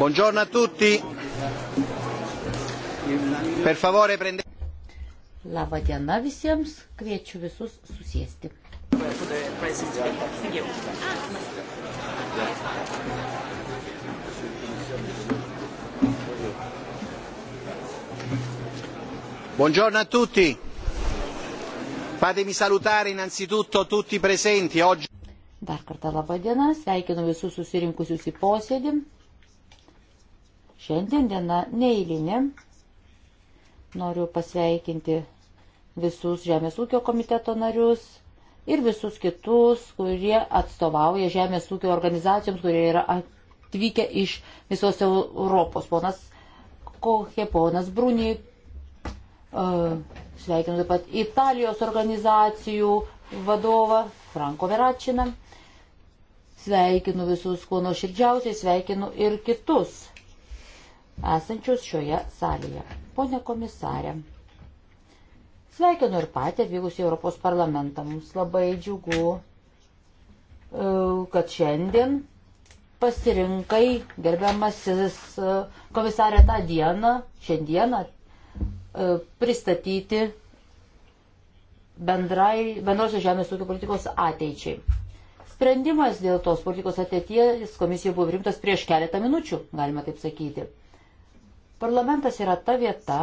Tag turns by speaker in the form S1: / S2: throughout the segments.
S1: Buongiorno a tutti. Per favore prendete. Labą dieną visiems, kviečiu visus susėsti.
S2: Buongiorno a tutti. Fatemi
S1: salutare innanzitutto tutti i presenti oggi. Dar kartą labą dieną, sveikinu visus susirinkusius į posėdį. Šiandien diena neįlinė. Noriu pasveikinti visus Žemės ūkio komiteto narius ir visus kitus, kurie atstovauja Žemės ūkio organizacijoms, kurie yra atvykę iš visos Europos. Ponas Kochė, ponas Bruni, e, sveikinu taip pat Italijos organizacijų vadovą Franko Veračiną. Sveikinu visus kuo nuoširdžiausiai, sveikinu ir kitus esančius šioje salėje. Pone komisarė, sveikinu ir patį atvykus į Europos parlamentą. Mums labai džiugu, e, kad šiandien pasirinkai, gerbiamasis e, komisarė, tą dieną, šiandieną e, pristatyti bendrai, bendrosios žemės ūkio politikos ateičiai. Sprendimas dėl tos politikos ateities komisijoje buvo rimtas prieš keletą minučių, galima taip sakyti. Parlamentas yra ta vieta,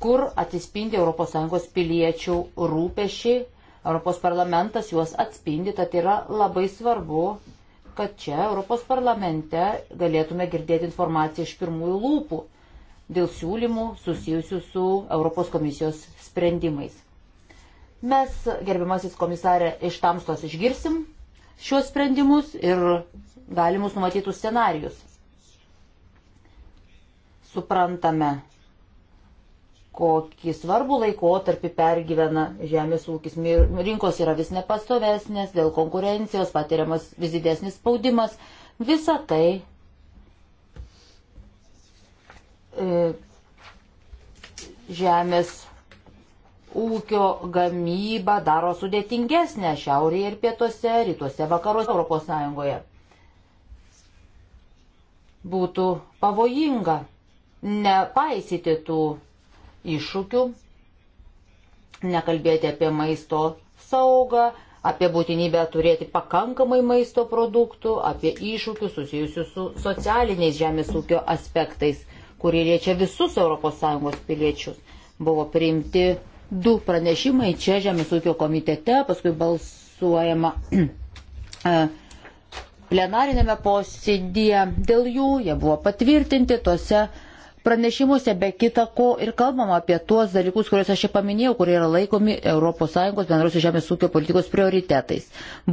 S1: kur atsispindi ES piliečių rūpešiai, Europos parlamentas juos atspindi, tad yra labai svarbu, kad čia Europos parlamente galėtume girdėti informaciją iš pirmųjų lūpų dėl siūlymų susijusių su Europos komisijos sprendimais. Mes, gerbiamasis komisarė, iš tamstos išgirsim šiuos sprendimus ir galimus numatytus scenarius suprantame, kokį svarbų laikotarpį pergyvena žemės ūkis. Rinkos yra vis nepastovesnės, dėl konkurencijos patiriamas vis didesnis spaudimas. Visa tai e, žemės ūkio gamyba daro sudėtingesnę šiaurėje ir pietuose, rytuose, vakaruose Europos Sąjungoje. Būtų pavojinga nepaisyti tų iššūkių, nekalbėti apie maisto saugą, apie būtinybę turėti pakankamai maisto produktų, apie iššūkius susijusius su socialiniais žemės ūkio aspektais, kurie liečia visus ES piliečius. Buvo priimti du pranešimai čia žemės ūkio komitete, paskui balsuojama e, plenarinėme posėdėje dėl jų, jie buvo patvirtinti tose Pranešimuose be kita ko ir kalbama apie tuos dalykus, kuriuos aš čia paminėjau, kurie yra laikomi ES bendrosios žemės ūkio politikos prioritetais.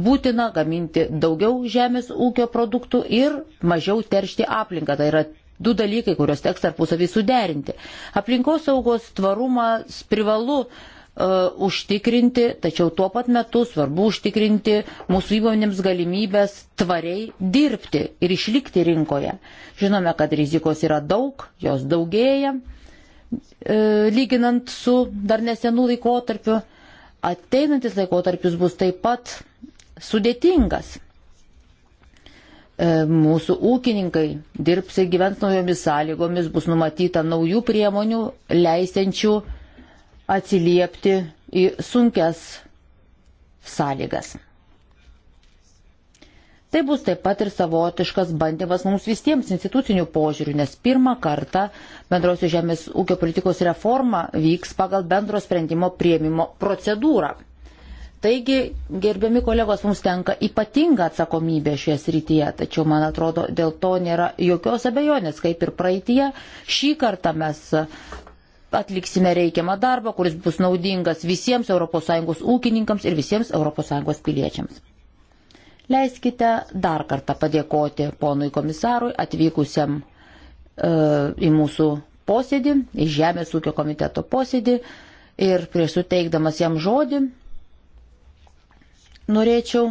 S1: Būtina gaminti daugiau žemės ūkio produktų ir mažiau teršti aplinką. Tai yra du dalykai, kuriuos teks tarpusavį suderinti. Aplinkos saugos tvarumas privalu E, užtikrinti, tačiau tuo pat metu svarbu užtikrinti mūsų įmonėms galimybės tvariai dirbti ir išlikti rinkoje. Žinome, kad rizikos yra daug, jos daugėja, e, lyginant su dar nesenų laikotarpiu. Ateinantis laikotarpis bus taip pat sudėtingas. E, mūsų ūkininkai dirbs ir gyvens naujomis sąlygomis, bus numatyta naujų priemonių, leisiančių uh, atsiliepti į sunkias sąlygas. Tai bus taip pat ir savotiškas bandymas mums visiems institucinių požiūrių, nes pirmą kartą bendrosios žemės ūkio politikos reforma vyks pagal bendro sprendimo prieimimo procedūrą. Taigi, gerbiami kolegos, mums tenka ypatinga atsakomybė šioje srityje, tačiau, man atrodo, dėl to nėra jokios abejonės, kaip ir praeitie. Šį kartą mes atliksime reikiamą darbą, kuris bus naudingas visiems ES ūkininkams ir visiems ES piliečiams. Leiskite dar kartą padėkoti ponui komisarui atvykusiam e, į mūsų posėdį, į Žemės ūkio komiteto posėdį ir prieš suteikdamas jam žodį norėčiau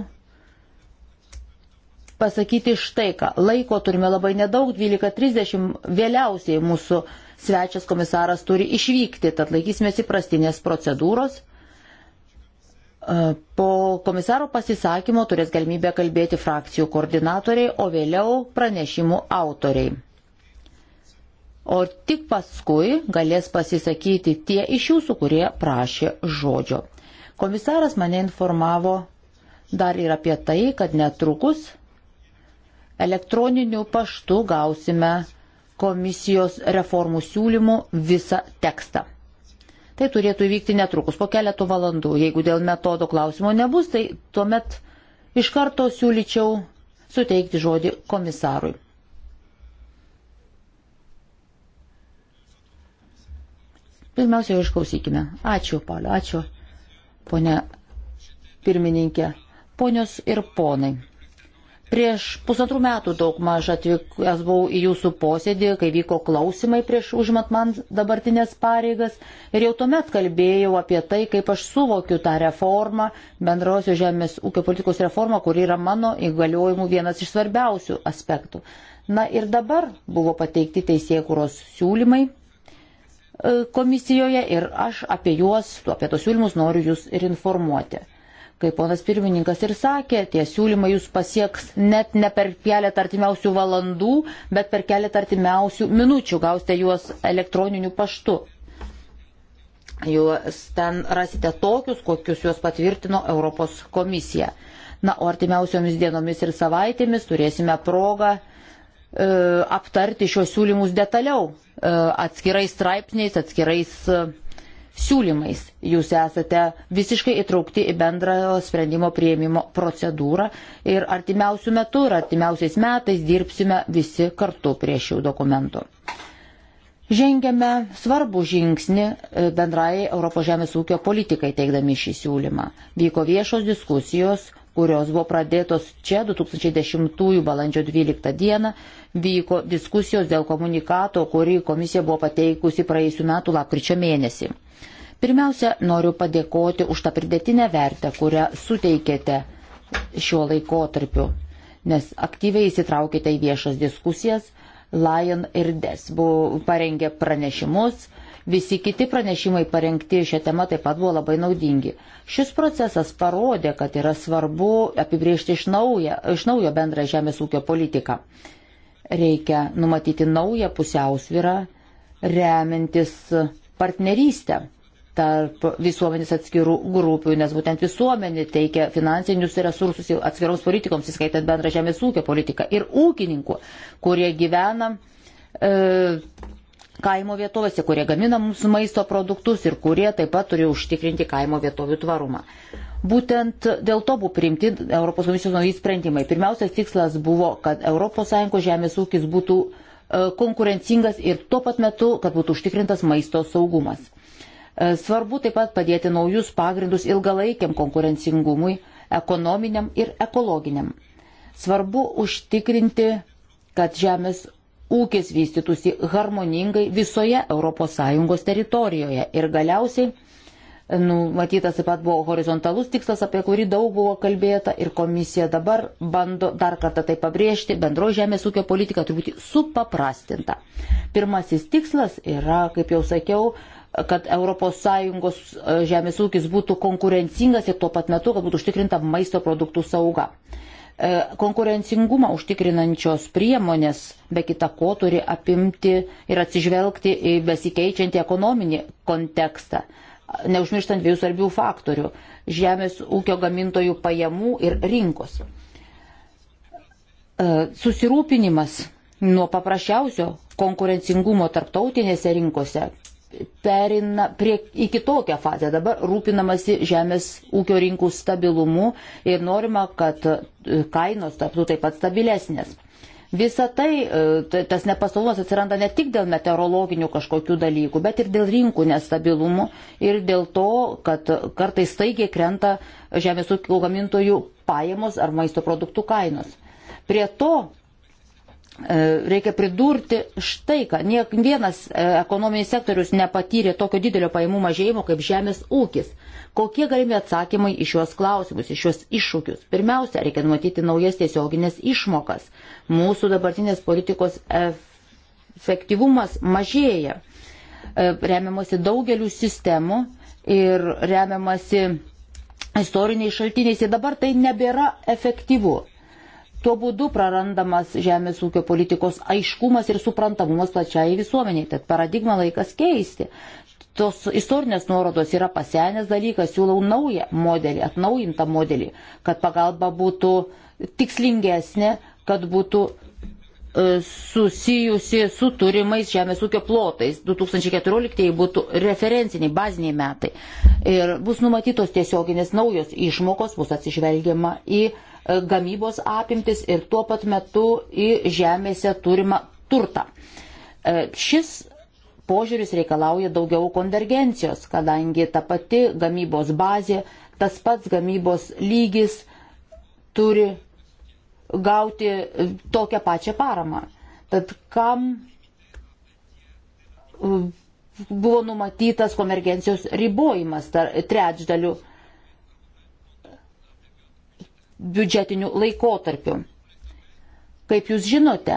S1: pasakyti štai ką. Laiko turime labai nedaug, 12.30 vėliausiai mūsų svečias komisaras turi išvykti, tad laikysimės įprastinės procedūros. E, po komisaro pasisakymo turės galimybę kalbėti frakcijų koordinatoriai, o vėliau pranešimų autoriai. O tik paskui galės pasisakyti tie iš jūsų, kurie prašė žodžio. Komisaras mane informavo dar ir apie tai, kad netrukus elektroniniu paštu gausime komisijos reformų siūlymų visą tekstą. Tai turėtų įvykti netrukus, po keletų valandų. Jeigu dėl metodo klausimo nebus, tai tuomet iš karto siūlyčiau suteikti žodį komisarui. Pirmiausia, jo išklausykime. Ačiū, Palio, ačiū, ponė pirmininkė, ponios ir ponai. Prieš pusantrų metų daug maž atvykęs buvau į jūsų posėdį, kai vyko klausimai prieš užmat man dabartinės pareigas ir jau tuomet kalbėjau apie tai, kaip aš suvokiu tą reformą, bendrosios žemės ūkio politikos reformą, kuri yra mano įgaliojimų vienas iš svarbiausių aspektų. Na ir dabar buvo pateikti teisėkuros siūlymai e, komisijoje ir aš apie juos, apie tos siūlymus noriu jūs ir informuoti. Kaip ponas pirmininkas ir sakė, tie siūlymai jūs pasieks net ne per keletą artimiausių valandų, bet per keletą artimiausių minučių gausite juos elektroniniu paštu. Jūs ten rasite tokius, kokius juos patvirtino Europos komisija. Na, o artimiausiomis dienomis ir savaitėmis turėsime progą e, aptarti šios siūlymus detaliau, e, atskirais straipsniais, atskirais. E, siūlymais. Jūs esate visiškai įtraukti į bendrojo sprendimo prieimimo procedūrą ir artimiausių metų ir artimiausiais metais dirbsime visi kartu prie šių dokumentų. Žengėme svarbų žingsnį e, bendrai Europos žemės ūkio politikai teikdami šį siūlymą. Vyko viešos diskusijos kurios buvo pradėtos čia 2010 balandžio 12 dieną, vyko diskusijos dėl komunikato, kurį komisija buvo pateikusi praėjusiu metu lapkričio mėnesį. Pirmiausia, noriu padėkoti už tą pridėtinę vertę, kurią suteikėte šiuo laikotarpiu, nes aktyviai įsitraukite į viešas diskusijas. Lion ir Des buvo parengė pranešimus, Visi kiti pranešimai parengti šią temą taip pat buvo labai naudingi. Šis procesas parodė, kad yra svarbu apibriežti iš naujo, iš naujo bendrą žemės ūkio politiką. Reikia numatyti naują pusiausvyrą, remintis partnerystę tarp visuomenės atskirų grupių, nes būtent visuomenė teikia finansinius resursus atskiroms politikoms, įskaitant bendrą žemės ūkio politiką ir ūkininkų, kurie gyvena e, kaimo vietovėse, kurie gamina mums maisto produktus ir kurie taip pat turi užtikrinti kaimo vietovių tvarumą. Būtent dėl to buvo priimti Europos komisijos nauji sprendimai. Pirmiausias tikslas buvo, kad ES žemės ūkis būtų e, konkurencingas ir tuo pat metu, kad būtų užtikrintas maisto saugumas. E, svarbu taip pat padėti naujus pagrindus ilgalaikiam konkurencingumui, ekonominiam ir ekologiniam. Svarbu užtikrinti, kad žemės ūkis vystytųsi harmoningai visoje ES teritorijoje. Ir galiausiai, nu, matytas taip pat buvo horizontalus tikslas, apie kurį daug buvo kalbėta ir komisija dabar bando dar kartą tai pabrėžti, bendro žemės ūkio politika turi būti supaprastinta. Pirmasis tikslas yra, kaip jau sakiau, kad ES e, žemės ūkis būtų konkurencingas ir tuo pat metu, kad būtų užtikrinta maisto produktų sauga. E, konkurencingumą užtikrinančios priemonės be kita ko turi apimti ir atsižvelgti į besikeičiantį ekonominį kontekstą, neužmirštant dviejų svarbių faktorių - žemės ūkio gamintojų pajamų ir rinkos. E, susirūpinimas nuo paprasčiausio konkurencingumo tarptautinėse rinkose perina prie, į kitokią fazę. Dabar rūpinamasi žemės ūkio rinkų stabilumu ir norima, kad e, kainos taptų taip pat stabilesnės. Visa tai, e, tas nepastovumas atsiranda ne tik dėl meteorologinių kažkokių dalykų, bet ir dėl rinkų nestabilumų ir dėl to, kad kartais staigiai krenta žemės ūkio gamintojų pajamos ar maisto produktų kainos. Prie to E, reikia pridurti štai, kad niek vienas e, ekonominis sektorius nepatyrė tokio didelio pajamų mažėjimo kaip žemės ūkis. Kokie galimi atsakymai į šios klausimus, į šios iššūkius? Pirmiausia, reikia numatyti naujas tiesioginės išmokas. Mūsų dabartinės politikos efektyvumas mažėja. E, remiamasi daugeliu sistemų ir remiamasi istoriniais šaltiniais ir dabar tai nebėra efektyvu Tuo būdu prarandamas žemės ūkio politikos aiškumas ir suprantamumas plačiai visuomeniai. Tad paradigmą laikas keisti. Tos istorinės nuorodos yra pasenęs dalykas, siūlau naują modelį, atnaujintą modelį, kad pagalba būtų tikslingesnė, kad būtų e, susijusi su turimais žemės ūkio plotais. 2014 būtų referenciniai, baziniai metai. Ir bus numatytos tiesioginės naujos išmokos, bus atsižvelgiama į uh, E, gamybos apimtis ir tuo pat metu į žemėse turimą turtą. E, šis požiūris reikalauja daugiau konvergencijos, kadangi ta pati gamybos bazė, tas pats gamybos lygis turi gauti tokią pačią paramą. Tad kam e, buvo numatytas konvergencijos ribojimas trečdaliu biudžetiniu laikotarpiu. Kaip jūs žinote,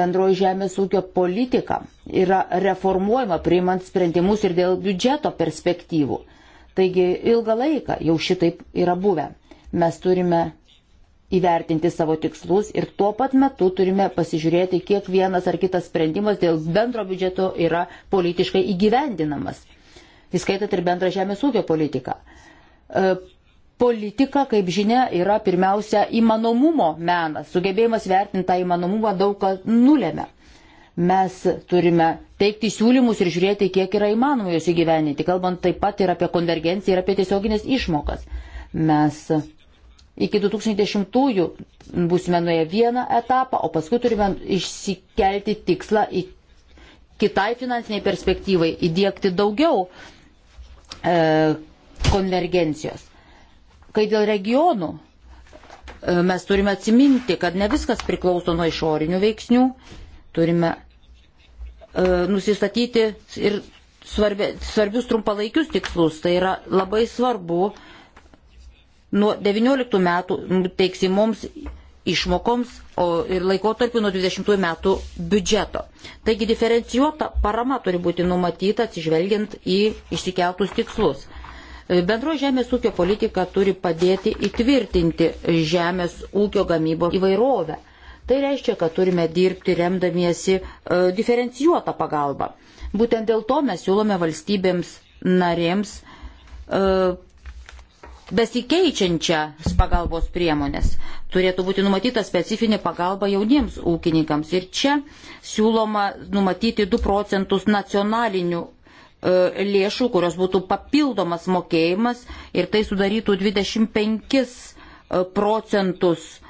S1: bendroji žemės ūkio politika yra reformuojama priimant sprendimus ir dėl biudžeto perspektyvų. Taigi ilgą laiką jau šitaip yra buvę. Mes turime įvertinti savo tikslus ir tuo pat metu turime pasižiūrėti, kiek vienas ar kitas sprendimas dėl bendro biudžeto yra politiškai įgyvendinamas, įskaitant ir bendrą žemės ūkio politiką. E, politika, kaip žinia, yra pirmiausia įmanomumo menas. Sugebėjimas vertinti tą įmanomumą daug ką nulėmė. Mes turime teikti siūlymus ir žiūrėti, kiek yra įmanoma juos įgyveninti, kalbant taip pat ir apie konvergenciją ir apie tiesioginės išmokas. Mes iki 2010-ųjų būsime nuėję vieną etapą, o paskui turime išsikelti tikslą į kitai finansiniai perspektyvai įdėkti daugiau e, konvergencijos. Kai dėl regionų e, mes turime atsiminti, kad ne viskas priklauso nuo išorinių veiksnių, turime e, nusistatyti ir svarbia, svarbius trumpalaikius tikslus. Tai yra labai svarbu nuo 19 metų teiksimoms išmokoms ir laikotarpiu nuo 20 metų biudžeto. Taigi diferencijuota parama turi būti numatyta atsižvelgiant į išsikeltus tikslus. Bendro žemės ūkio politika turi padėti įtvirtinti žemės ūkio gamybos įvairovę. Tai reiškia, kad turime dirbti remdamiesi e, diferencijuotą pagalbą. Būtent dėl to mes siūlome valstybėms narėms e, besikeičiančias pagalbos priemonės. Turėtų būti numatyta specifinė pagalba jauniems ūkininkams. Ir čia siūloma numatyti 2 procentus nacionalinių E, lėšų, kurios būtų papildomas mokėjimas ir tai sudarytų 25 e, procentus e,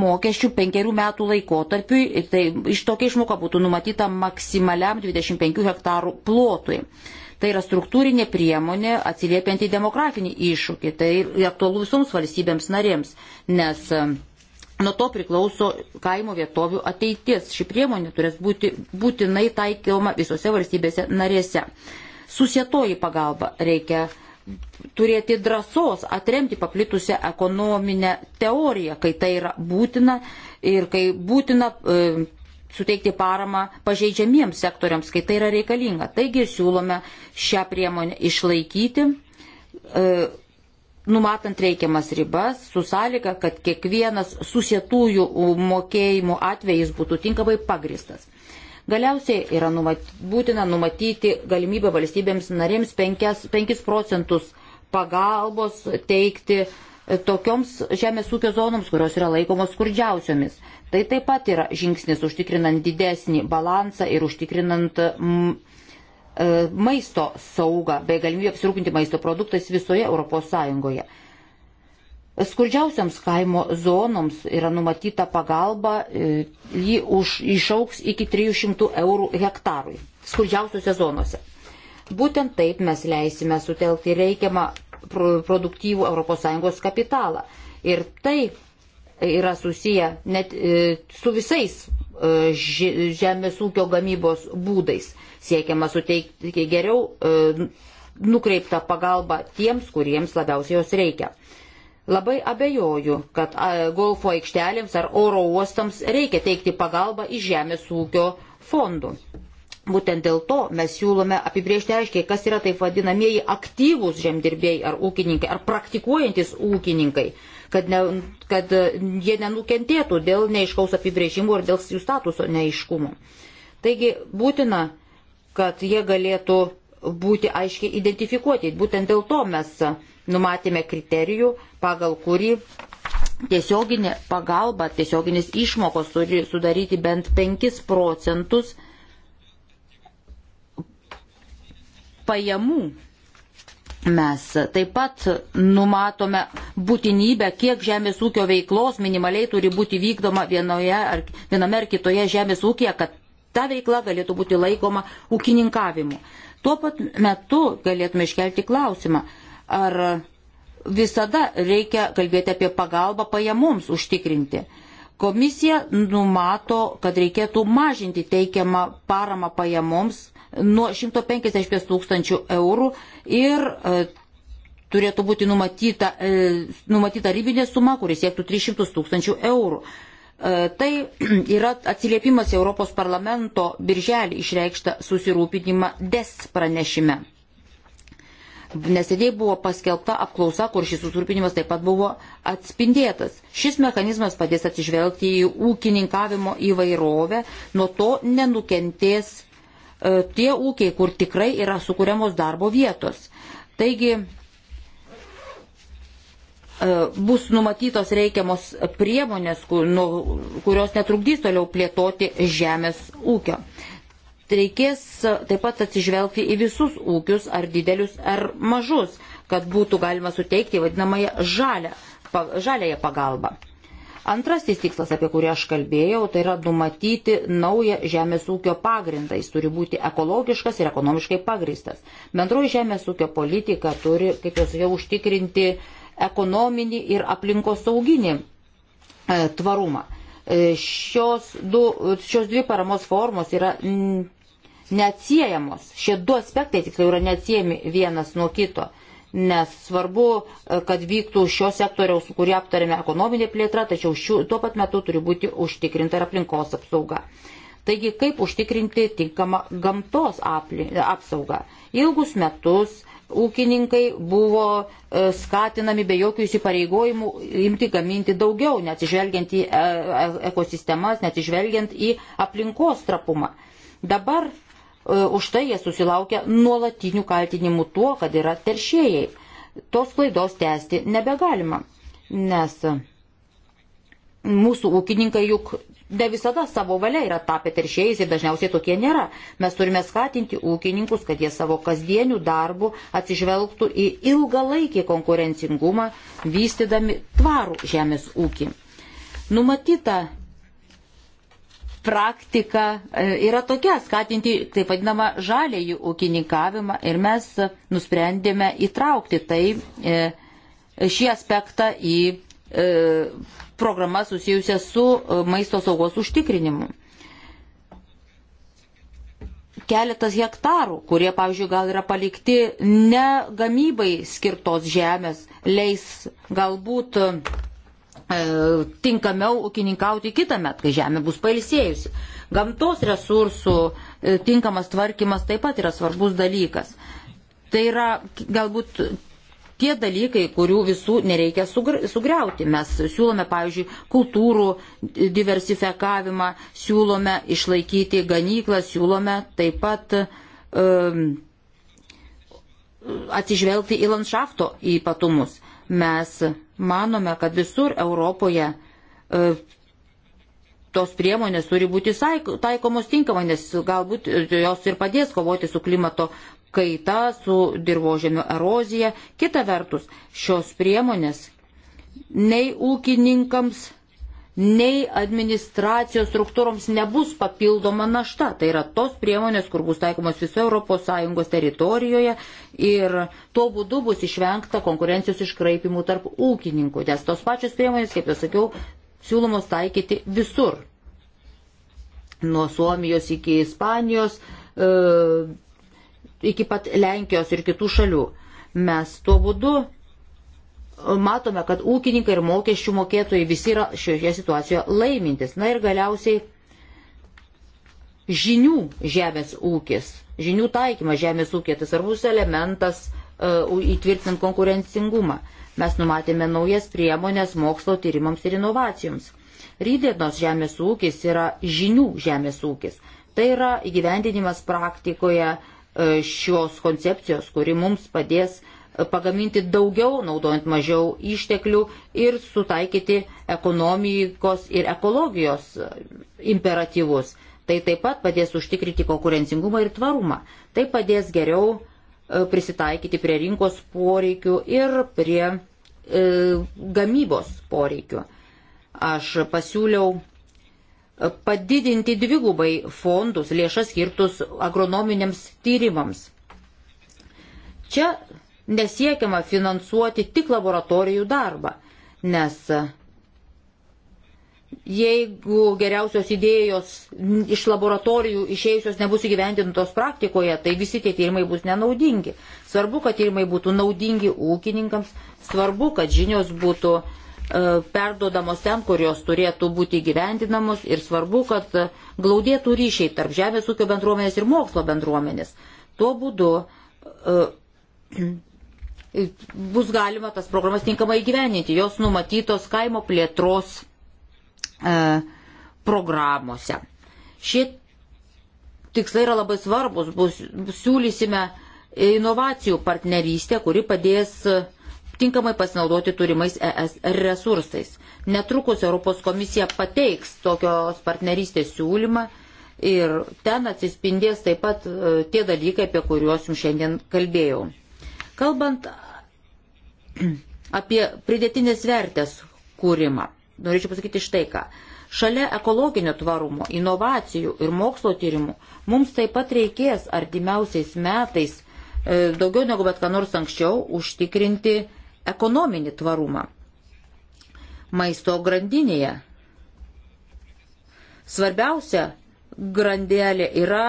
S1: mokesčių penkerių metų laikotarpiui ir tai iš tokia išmoka būtų numatyta maksimaliam 25 hektarų plotui. Tai yra struktūrinė priemonė atsiliepianti demografinį iššūkį. Tai aktualu visoms valstybėms narėms, nes Nuo to priklauso kaimo vietovių ateitis. Ši priemonė turės būti būtinai taikioma visose valstybėse narėse. Susietoji pagalba reikia turėti drąsos atremti paplitusią ekonominę teoriją, kai tai yra būtina ir kai būtina e, suteikti paramą pažeidžiamiems sektoriams, kai tai yra reikalinga. Taigi siūlome šią priemonę išlaikyti. E, numatant reikiamas ribas, su sąlyga, kad kiekvienas susietųjų mokėjimų atvejis būtų tinkamai pagristas. Galiausiai yra numat, būtina numatyti galimybę valstybėms narėms 5, 5 procentus pagalbos teikti e, tokioms žemės ūkio zonoms, kurios yra laikomos skurdžiausiomis. Tai taip pat yra žingsnis užtikrinant didesnį balansą ir užtikrinant mm, E, maisto saugą bei galimybę apsirūpinti maisto produktais visoje ES. Skurdžiausiams kaimo zonoms yra numatyta pagalba, e, ji už, išauks iki 300 eurų hektarui skurdžiausiuose zonuose. Būtent taip mes leisime sutelkti reikiamą produktyvų ES kapitalą. Ir tai yra susiję net e, su visais žemės ūkio gamybos būdais siekiama suteikti geriau e, nukreiptą pagalbą tiems, kuriems labiausiai jos reikia. Labai abejoju, kad e, golfo aikštelėms ar oro uostams reikia teikti pagalbą iš žemės ūkio fondų. Būtent dėl to mes siūlome apibriežti aiškiai, kas yra taip vadinamieji aktyvūs žemdirbėjai ar ūkininkai, ar praktikuojantis ūkininkai, kad, ne, kad e, jie nenukentėtų dėl neiškaus apibrėžimų ir dėl jų statuso neiškumo. Taigi būtina kad jie galėtų būti aiškiai identifikuoti. Būtent dėl to mes numatėme kriterijų, pagal kurį tiesioginė pagalba, tiesioginis išmokos turi sudaryti bent 5 procentus pajamų. Mes taip pat numatome būtinybę, kiek žemės ūkio veiklos minimaliai turi būti vykdoma vienoje ar, viename ar kitoje žemės ūkija, kad ta veikla galėtų būti laikoma ūkininkavimu. Tuo pat metu galėtume iškelti klausimą, ar visada reikia kalbėti apie pagalbą pajamoms užtikrinti. Komisija numato, kad reikėtų mažinti teikiamą paramą pajamoms nuo 150 tūkstančių eurų ir e, turėtų būti numatyta, e, numatyta ribinė suma, kuris siektų 300 tūkstančių eurų. E, tai yra atsiliepimas Europos parlamento birželį išreikštą susirūpinimą DES pranešime. Neseniai buvo paskelbta apklausa, kur šis susirūpinimas taip pat buvo atspindėtas. Šis mechanizmas padės atsižvelgti į ūkininkavimo įvairovę, nuo to nenukentės e, tie ūkiai, kur tikrai yra sukūriamos darbo vietos. Taigi E, bus numatytos reikiamos priemonės, nu, kurios netrukdys toliau plėtoti žemės ūkio. Reikės e, taip pat atsižvelgti į visus ūkius, ar didelius, ar mažus, kad būtų galima suteikti vadinamąją žalę, žalėją pagalbą. Antrasis tikslas, apie kurį aš kalbėjau, tai yra numatyti naują žemės ūkio pagrindą. Jis turi būti ekologiškas ir ekonomiškai pagristas. Bendroji žemės ūkio politika turi, kaip jau sakiau, užtikrinti uh, ekonominį ir aplinkosauginį e, tvarumą. E, šios, du, šios dvi paramos formos yra neatsiejamos. Šie du aspektai tiksliau yra neatsiejami vienas nuo kito nes svarbu, e, kad vyktų šio sektoriaus, kurį aptarėme, ekonominė plėtra, tačiau šių, tuo pat metu turi būti užtikrinta ir aplinkos apsauga. Taigi, kaip užtikrinti tinkamą gamtos apli, apsaugą? Ilgus metus ūkininkai buvo e, skatinami be jokių įsipareigojimų imti gaminti daugiau, neatsižvelgiant į e, e, ekosistemas, neatsižvelgiant į aplinkos trapumą. Dabar už tai jie susilaukia nuolatinių kaltinimų tuo, kad yra teršėjai. Tos klaidos tęsti nebegalima, nes mūsų ūkininkai juk ne visada savo valia yra tapę teršėjais ir dažniausiai tokie nėra. Mes turime skatinti ūkininkus, kad jie savo kasdienių darbų atsižvelgtų į ilgalaikį konkurencingumą, vystydami tvarų žemės ūkį. Numatyta praktika e, yra tokia skatinti taip vadinamą žalėjų ūkininkavimą ir mes nusprendėme įtraukti tai e, šį aspektą į e, programas susijusias su e, maisto saugos užtikrinimu. Keletas hektarų, kurie, pavyzdžiui, gal yra palikti ne gamybai skirtos žemės, leis galbūt e, tinkamiau ūkininkauti kitą metą, kai žemė bus pailsėjusi. Gamtos resursų e, tinkamas tvarkymas taip pat yra svarbus dalykas. Tai yra galbūt tie dalykai, kurių visų nereikia sugriauti. Mes siūlome, pavyzdžiui, kultūrų diversifikavimą, siūlome išlaikyti ganyklą, siūlome taip pat um, atsižvelgti į landšafto ypatumus. Mes manome, kad visur Europoje uh, tos priemonės turi būti taikomos tinkamai, nes galbūt jos ir padės kovoti su klimato kaita, su dirbožėmio erozija. Kita vertus, šios priemonės nei ūkininkams, nei administracijos struktūroms nebus papildoma našta. Tai yra tos priemonės, kur bus taikomos viso ES teritorijoje ir tuo būdu bus išvengta konkurencijos iškraipimų tarp ūkininkų, nes tos pačios priemonės, kaip jau sakiau, siūlomos taikyti visur. Nuo Suomijos iki Ispanijos, e, iki pat Lenkijos ir kitų šalių. Mes tuo būdu e, matome, kad ūkininkai ir mokesčių mokėtojai visi yra šioje situacijoje laimintis. Na ir galiausiai žinių žemės ūkis, žinių taikymas žemės ūkė, tai svarbus elementas e, įtvirtinant konkurencingumą. Mes numatėme naujas priemonės mokslo tyrimams ir inovacijoms. Rydienos žemės ūkis yra žinių žemės ūkis. Tai yra įgyvendinimas praktikoje e, šios koncepcijos, kuri mums padės e, pagaminti daugiau, naudojant mažiau išteklių ir sutaikyti ekonomikos ir ekologijos e, imperatyvus. Tai taip pat padės užtikrinti konkurencingumą ir tvarumą. Tai padės geriau E, prisitaikyti prie rinkos poreikių ir prie e, gamybos poreikių. Aš pasiūliau e, padidinti dvigubai fondus, lėšas skirtus agronominiams tyrimams. Čia nesiekiama finansuoti tik laboratorijų darbą, nes jeigu geriausios idėjos iš laboratorijų išėjusios nebus įgyvendintos praktikoje, tai visi tie tyrimai bus nenaudingi. Svarbu, kad tyrimai būtų naudingi ūkininkams, svarbu, kad žinios būtų e, perdodamos ten, kur jos turėtų būti įgyvendinamos ir svarbu, kad glaudėtų ryšiai tarp žemės ūkio bendruomenės ir mokslo bendruomenės. Tuo būdu e, bus galima tas programas tinkamai įgyveninti. Jos numatytos kaimo plėtros E, programuose. Šie tikslai yra labai svarbus, bus, siūlysime inovacijų partnerystę, kuri padės tinkamai pasinaudoti turimais ES resursais. Netrukus Europos komisija pateiks tokios partnerystės siūlymą ir ten atsispindės taip pat e, tie dalykai, apie kuriuos jums šiandien kalbėjau. Kalbant apie pridėtinės vertės kūrimą norėčiau pasakyti štai ką. Šalia ekologinio tvarumo, inovacijų ir mokslo tyrimų mums taip pat reikės artimiausiais metais e, daugiau negu bet ką nors anksčiau užtikrinti ekonominį tvarumą. Maisto grandinėje. Svarbiausia grandelė yra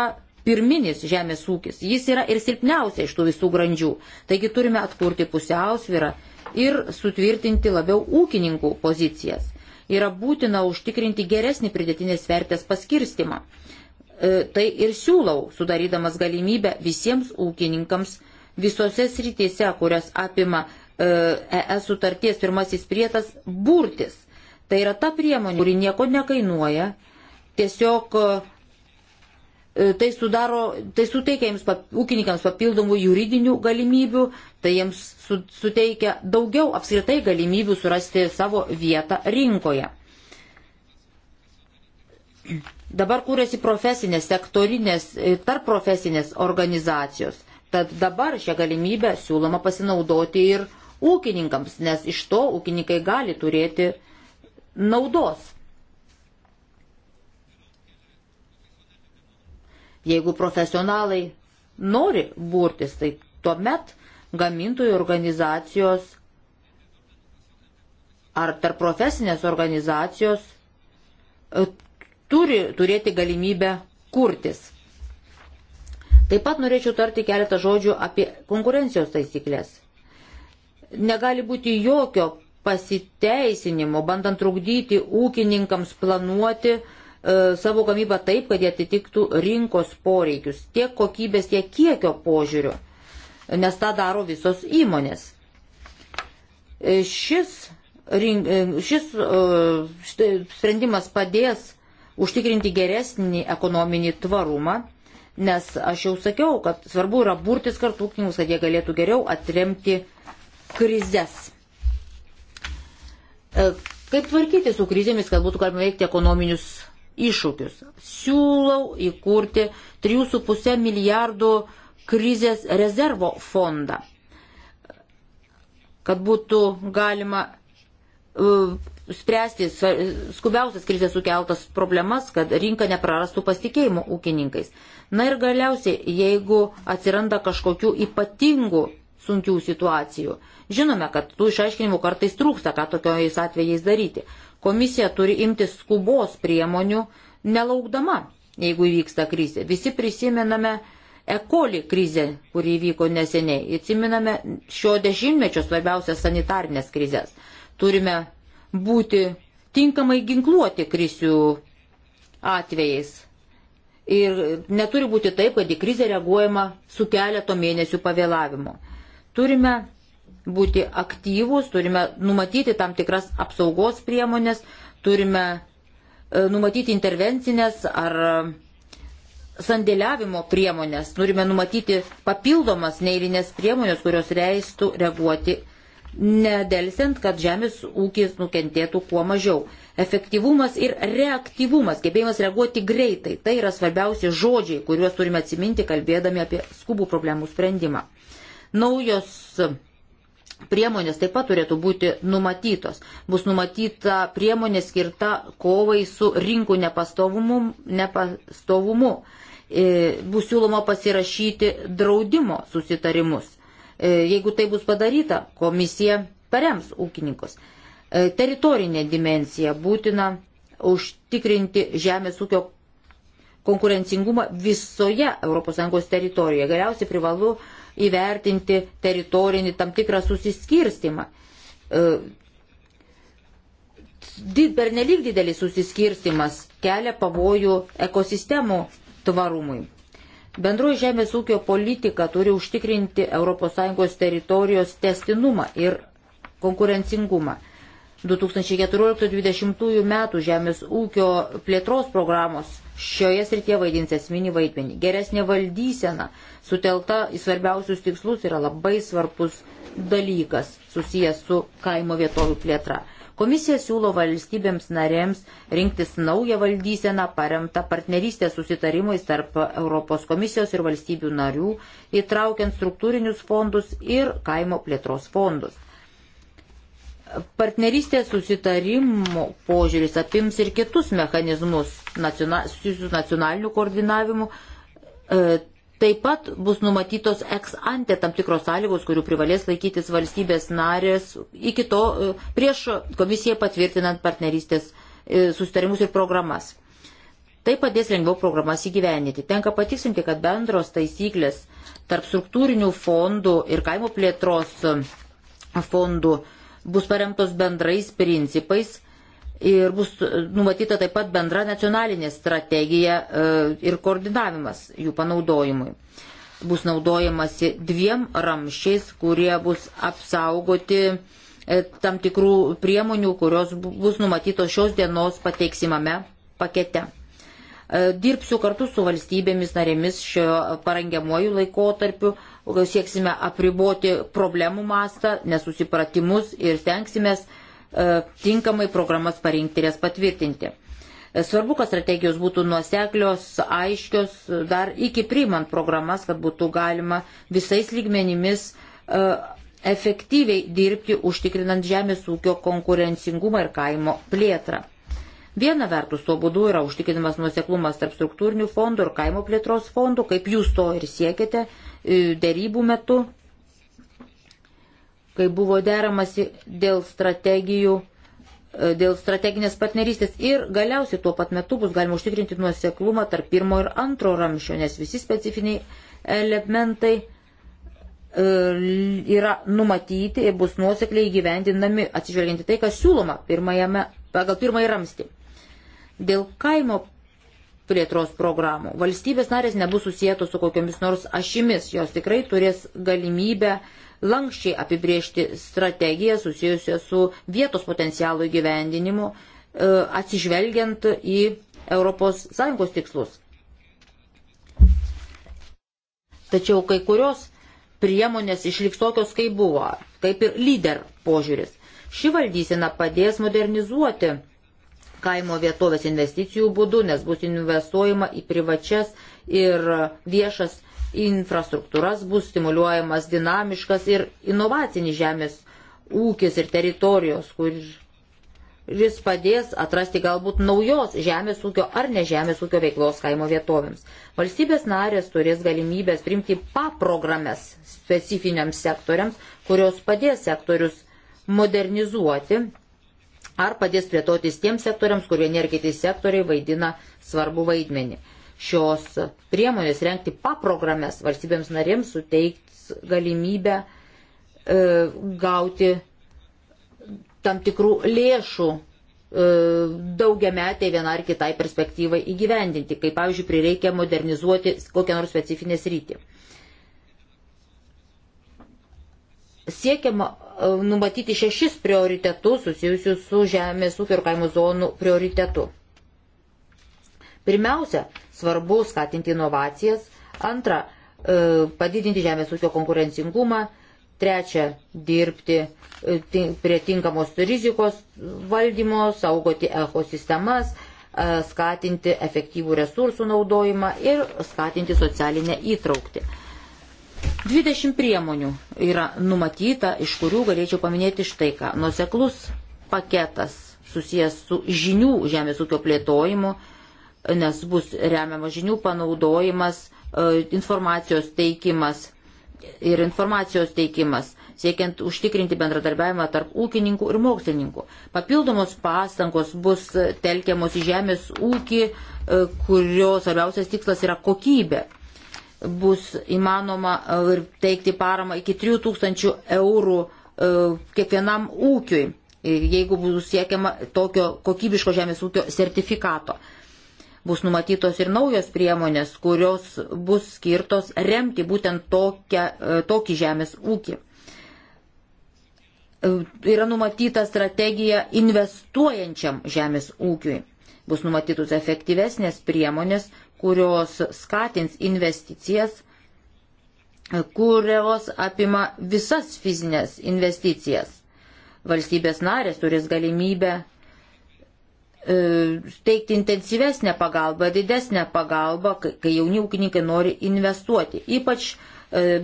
S1: pirminis žemės ūkis. Jis yra ir silpniausia iš tų visų grandžių. Taigi turime atkurti pusiausvyrą ir sutvirtinti labiau ūkininkų pozicijas yra būtina užtikrinti geresnį pridėtinės vertės paskirstimą. E, tai ir siūlau, sudarydamas galimybę visiems ūkininkams visose srityse, kurias apima ES e sutarties pirmasis prietas, burtis. Tai yra ta priemonė, kuri nieko nekainuoja, tiesiog E, tai, sudaro, tai suteikia jiems pap, ūkininkams papildomų juridinių galimybių, tai jiems su, suteikia daugiau apskritai galimybių surasti savo vietą rinkoje. Dabar kūrėsi profesinės, sektorinės, e, tarp profesinės organizacijos. Tad dabar šią galimybę siūloma pasinaudoti ir ūkininkams, nes iš to ūkininkai gali turėti naudos. Jeigu profesionalai nori burtis, tai tuomet gamintojų organizacijos ar tarp profesinės organizacijos e, turi turėti galimybę kurtis. Taip pat norėčiau tarti keletą žodžių apie konkurencijos taisyklės. Negali būti jokio pasiteisinimo, bandant trukdyti ūkininkams planuoti uh, E, savo gamybą taip, kad jie atitiktų rinkos poreikius tiek kokybės, tiek kiekio požiūriu, nes tą daro visos įmonės. E, šis, rink, e, šis štai, sprendimas padės užtikrinti geresnį ekonominį tvarumą, nes aš jau sakiau, kad svarbu yra burtis kartu ūkininkus, kad jie galėtų geriau atremti krizės kaip tvarkyti su krizėmis, kad būtų galima veikti ekonominius iššūkius. Siūlau įkurti 3,5 milijardų krizės rezervo fondą, kad būtų galima uh, spręsti skubiausias krizės sukeltas problemas, kad rinka neprarastų pasitikėjimo ūkininkais. Na ir galiausiai, jeigu atsiranda kažkokių ypatingų sunkių situacijų, žinome, kad tų išaiškinimų kartais trūksta, ką tokiais atvejais daryti. Komisija turi imtis skubos priemonių, nelaukdama, jeigu įvyksta krizė. Visi prisimename ekoli krizę, kuri įvyko neseniai. Įsiminame šio dešimtmečio svarbiausias sanitarnės krizės. Turime būti tinkamai ginkluoti krizių atvejais. Ir neturi būti taip, kad į krizę reaguojama su keleto mėnesių pavėlavimu. Turime būti aktyvūs, turime numatyti tam tikras apsaugos priemonės, turime e, numatyti intervencinės ar e, sandėliavimo priemonės, turime numatyti papildomas neįlinės priemonės, kurios leistų reaguoti nedelsiant, kad žemės ūkis nukentėtų kuo mažiau. Efektyvumas ir reaktyvumas, gebėjimas reaguoti greitai, tai yra svarbiausi žodžiai, kuriuos turime atsiminti, kalbėdami apie skubų problemų sprendimą. Naujos priemonės taip pat turėtų būti numatytos. Bus numatyta priemonė skirta kovai su rinkų nepastovumu. nepastovumu. E, bus siūloma pasirašyti draudimo susitarimus. E, jeigu tai bus padaryta, komisija parems ūkininkus. E, teritorinė dimencija būtina užtikrinti žemės ūkio konkurencingumą visoje ES teritorijoje. Galiausiai privalu uh, įvertinti teritorinį tam tikrą susiskirstimą. E, per nelik didelis susiskirstimas kelia pavojų ekosistemų tvarumui. Bendroji žemės ūkio politika turi užtikrinti ES teritorijos testinumą ir konkurencingumą. 2014-2020 metų žemės ūkio plėtros programos šioje srityje vaidins esminį vaidmenį. Geresnė valdysena sutelta į svarbiausius tikslus yra labai svarbus dalykas susijęs su kaimo vietovių plėtra. Komisija siūlo valstybėms narėms rinktis naują valdyseną paremtą partnerystės susitarimais tarp Europos komisijos ir valstybių narių, įtraukiant struktūrinius fondus ir kaimo plėtros fondus. Partnerystės susitarimų požiūris apims ir kitus mechanizmus su nacionaliniu koordinavimu. E, taip pat bus numatytos ex ante tam tikros sąlygos, kurių privalės laikytis valstybės narės iki to e, prieš komisiją patvirtinant partnerystės e, sustarimus ir programas. Tai padės lengviau programas įgyveninti. Tenka patiksinti, kad bendros taisyklės tarp struktūrinių fondų ir kaimo plėtros fondų uh, bus paremtos bendrais principais ir bus e, numatyta taip pat bendra nacionalinė strategija e, ir koordinavimas jų panaudojimui. Bus naudojamasi dviem ramšiais, kurie bus apsaugoti e, tam tikrų priemonių, kurios bus numatytos šios dienos pateiksimame pakete. Dirbsiu kartu su valstybėmis narėmis šio parengiamuoju laikotarpiu sieksime apriboti problemų mastą, nesusipratimus ir stengsime tinkamai programas parinkti ir jas patvirtinti. E, svarbu, kad strategijos būtų nuoseklios, aiškios, dar iki priimant programas, kad būtų galima visais lygmenimis e, efektyviai dirbti, užtikrinant žemės ūkio konkurencingumą ir kaimo plėtrą. Viena vertus, tuo būdu yra užtikrinamas nuoseklumas tarp struktūrinių fondų ir kaimo plėtros fondų, kaip jūs to ir siekite, E, dėrybų metu, kai buvo deramasi dėl strategijų e, dėl strateginės partnerystės ir galiausiai tuo pat metu bus galima užtikrinti nuoseklumą tarp pirmo ir antro ramščio, nes visi specifiniai elementai e, yra numatyti ir bus nuosekliai įgyvendinami atsižvelginti tai, kas siūloma pirmajame, pagal pirmąjį ramstį. Dėl kaimo plėtros programų. Valstybės narės nebus susijėtos su kokiamis nors ašimis, jos tikrai turės galimybę lankščiai apibriežti strategiją susijusią su vietos potencialo įgyvendinimu, e, atsižvelgiant į ES tikslus. Tačiau kai kurios priemonės išliks tokios, kaip buvo, kaip ir lyder požiūris. Ši valdysena padės modernizuoti kaimo vietovės investicijų būdu, nes bus investuojama į privačias ir viešas infrastruktūras, bus stimuliuojamas dinamiškas ir inovacinis žemės ūkis ir teritorijos, kuris padės atrasti galbūt naujos žemės ūkio ar ne žemės ūkio veiklos kaimo vietovėms. Valstybės narės turės galimybės priimti paprogrames specifiniams sektoriams, kurios padės sektorius modernizuoti ar padės plėtotis tiems sektoriams, kurie nėra kiti sektoriai vaidina svarbu vaidmenį. Šios priemonės renkti paprogrames valstybėms narėms suteiks galimybę e, gauti tam tikrų lėšų e, daugiametė viena ar kitai perspektyvai įgyvendinti, kaip pavyzdžiui prireikia modernizuoti kokią nors specifinę sritį. Siekiama e, numatyti šešis prioritetus susijusius su žemės ūkio ir kaimo zonų prioritetu. Pirmiausia, svarbu skatinti inovacijas. Antra, e, padidinti žemės ūkio konkurencingumą. Trečia, dirbti e, prie tinkamos rizikos valdymo, saugoti ekosistemas, skatinti efektyvų resursų naudojimą ir skatinti socialinę įtraukti. 20 priemonių yra numatyta, iš kurių galėčiau paminėti štai ką. Nuseklus paketas susijęs su žinių žemės ūkio plėtojimu, nes bus remiama žinių panaudojimas, e, informacijos teikimas ir informacijos teikimas, siekiant užtikrinti bendradarbiavimą tarp ūkininkų ir mokslininkų. Papildomos pastangos bus telkiamos į žemės ūkį, e, kurio svarbiausias tikslas yra kokybė bus įmanoma e, teikti paramą iki 3000 eurų e, kiekvienam ūkiui, e, jeigu bus siekiama tokio kokybiško žemės ūkio sertifikato. Bus numatytos ir naujos priemonės, kurios bus skirtos remti būtent tokią, tokį žemės ūkį. Yra numatyta strategija investuojančiam žemės ūkiui. Bus numatytos efektyvesnės priemonės, kurios skatins investicijas, kurios apima visas fizinės investicijas. Valstybės narės turės galimybę e, teikti intensyvesnę pagalbą, didesnę pagalbą, kai jauni ūkininkai nori investuoti. Ypač e,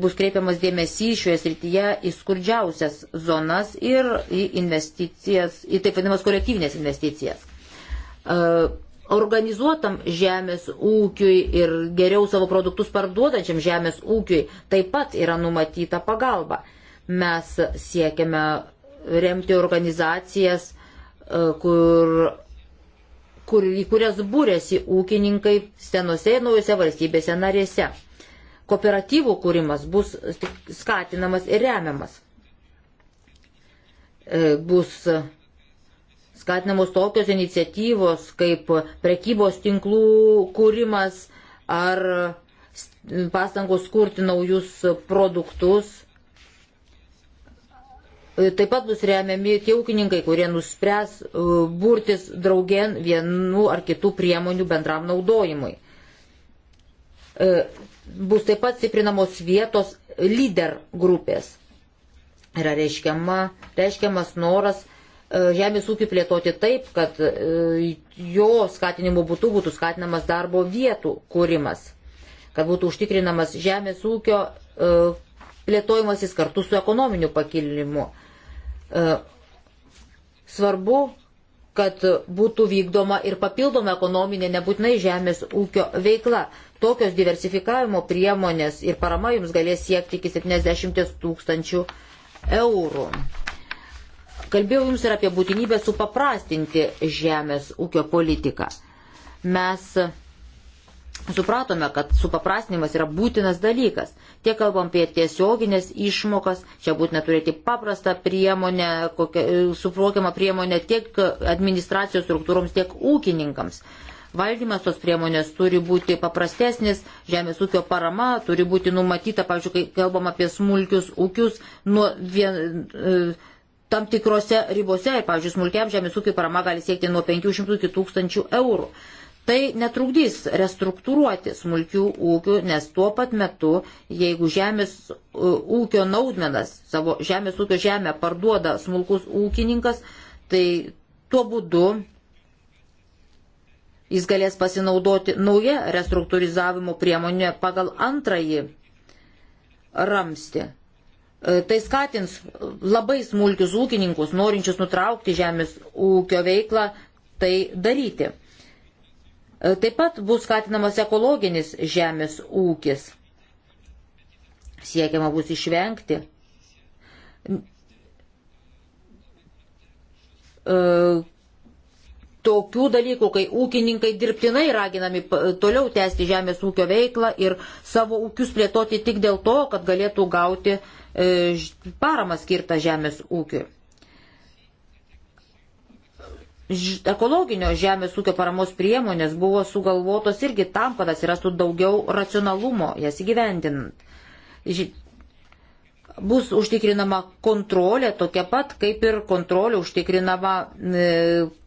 S1: bus kreipiamas dėmesys šioje srityje į skurdžiausias zonas ir į investicijas, į taip vadinamas kolektyvinės investicijas. E, organizuotam žemės ūkiui ir geriau savo produktus parduodančiam žemės ūkiui taip pat yra numatyta pagalba. Mes siekiame remti organizacijas, e, kur, kur, į kurias būrėsi ūkininkai senose ir naujose valstybėse narėse. Kooperatyvų kūrimas bus skatinamas ir remiamas. E, bus skatinamos tokios iniciatyvos kaip prekybos tinklų kūrimas ar pastangos kurti naujus produktus. Taip pat bus remiami tie ūkininkai, kurie nuspręs e, burtis draugien vienų ar kitų priemonių bendram naudojimui. E, bus taip pat stiprinamos vietos lyder grupės. Yra reiškiama, reiškiamas noras E, žemės ūkį plėtoti taip, kad e, jo skatinimo būtų būtų skatinamas darbo vietų kūrimas, kad būtų užtikrinamas žemės ūkio e, plėtojimasis kartu su ekonominiu pakilimu. Svarbu, kad būtų vykdoma ir papildoma ekonominė, nebūtinai žemės ūkio veikla. Tokios diversifikavimo priemonės ir parama jums galės siekti iki 70 tūkstančių eurų. Kalbėjau jums ir apie būtinybę supaprastinti žemės ūkio politiką. Mes supratome, kad supaprastinimas yra būtinas dalykas. Tiek kalbam apie tiesioginės išmokas, čia būtina turėti paprastą priemonę, kokią, e, suprokiamą priemonę tiek administracijos struktūroms, tiek ūkininkams. Valdymas tos priemonės turi būti paprastesnis, žemės ūkio parama turi būti numatyta, pavyzdžiui, kai kalbam apie smulkius ūkius, nuo vien, e, tam tikrose ribose ir, pavyzdžiui, smulkiam žemės ūkiai parama gali siekti nuo 500 iki 1000 eurų. Tai netrukdys restruktūruoti smulkių ūkių, nes tuo pat metu, jeigu žemės e, ūkio naudmenas savo žemės ūkio žemę parduoda smulkus ūkininkas, tai tuo būdu jis galės pasinaudoti nauja restruktūrizavimo priemonė pagal antrąjį ramstį. E, tai skatins labai smulkius ūkininkus, norinčius nutraukti žemės ūkio veiklą, tai daryti. E, taip pat bus skatinamas ekologinis žemės ūkis. Siekiama bus išvengti e, tokių dalykų, kai ūkininkai dirbtinai raginami toliau tęsti žemės ūkio veiklą ir savo ūkius plėtoti tik dėl to, kad galėtų gauti uh, E, paramą skirtą žemės ūkiui. Ekologinio žemės ūkio paramos priemonės buvo sugalvotos irgi tam, kad atsirastų daugiau racionalumo jas įgyvendinant. Bus užtikrinama kontrolė tokia pat, kaip ir kontrolė užtikrinama e,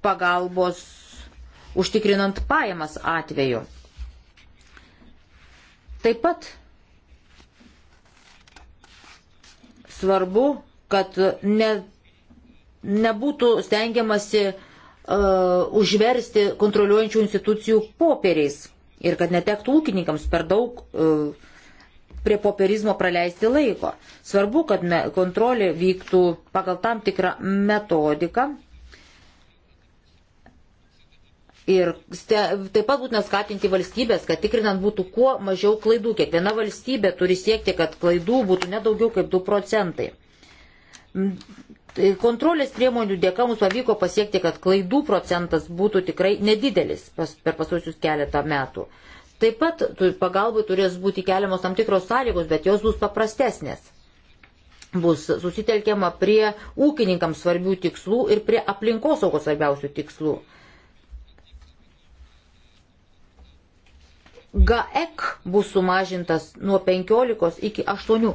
S1: pagalbos užtikrinant pajamas atveju. Taip pat svarbu, kad ne, nebūtų stengiamasi uh, užversti kontroliuojančių institucijų popieriais ir kad netektų ūkininkams per daug uh, prie popierizmo praleisti laiko. Svarbu, kad kontrolė vyktų pagal tam tikrą metodiką Ir taip pat būtina skatinti valstybės, kad tikrinant būtų kuo mažiau klaidų. Kiekviena valstybė turi siekti, kad klaidų būtų nedaugiau kaip 2 procentai. Mm, kontrolės priemonių dėka mums pavyko pasiekti, kad klaidų procentas būtų tikrai nedidelis per pasusius keletą metų. Taip pat pagalbai turės būti keliamos tam tikros sąlygos, bet jos bus paprastesnės. Bus susitelkiama prie ūkininkams svarbių tikslų ir prie aplinkosaugos svarbiausių tikslų. GAEK bus sumažintas nuo 15 iki 8.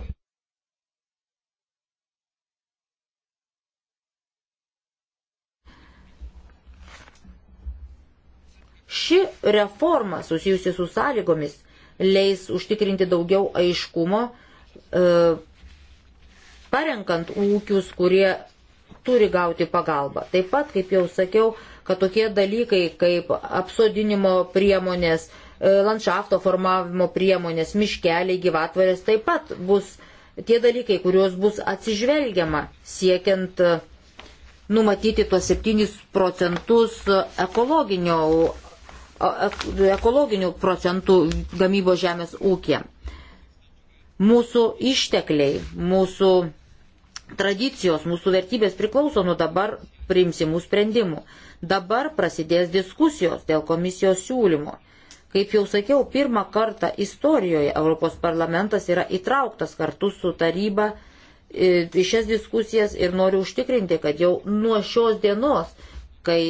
S1: Ši reforma susijusi su sąlygomis leis užtikrinti daugiau aiškumo, e, parenkant ūkius, kurie turi gauti pagalbą. Taip pat, kaip jau sakiau, kad tokie dalykai kaip apsodinimo priemonės, E, landšafto formavimo priemonės, miškeliai, gyvatvarės taip pat bus tie dalykai, kuriuos bus atsižvelgiama siekiant e, numatyti tuos 7 procentus ekologinio, ekologinių procentų gamybos žemės ūkė. Mūsų ištekliai, mūsų tradicijos, mūsų vertybės priklauso nuo dabar priimsimų sprendimų. Dabar prasidės diskusijos dėl komisijos siūlymo. Kaip jau sakiau, pirmą kartą istorijoje Europos parlamentas yra įtrauktas kartu su taryba e, į šias diskusijas ir noriu užtikrinti, kad jau nuo šios dienos, kai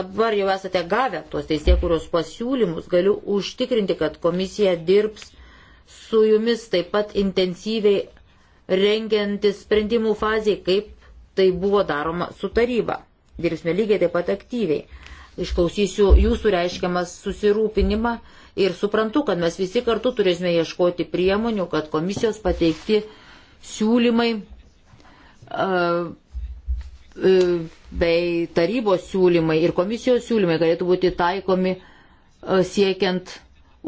S1: dabar jau esate gavę tuos teisėkūros pasiūlymus, galiu užtikrinti, kad komisija dirbs su jumis taip pat intensyviai rengiantis sprendimų fazėje, kaip tai buvo daroma su taryba. Dirbsime lygiai taip pat aktyviai išklausysiu jūsų reiškiamas susirūpinimą ir suprantu, kad mes visi kartu turėsime ieškoti priemonių, kad komisijos pateikti siūlymai e, bei tarybos siūlymai ir komisijos siūlymai galėtų būti taikomi siekiant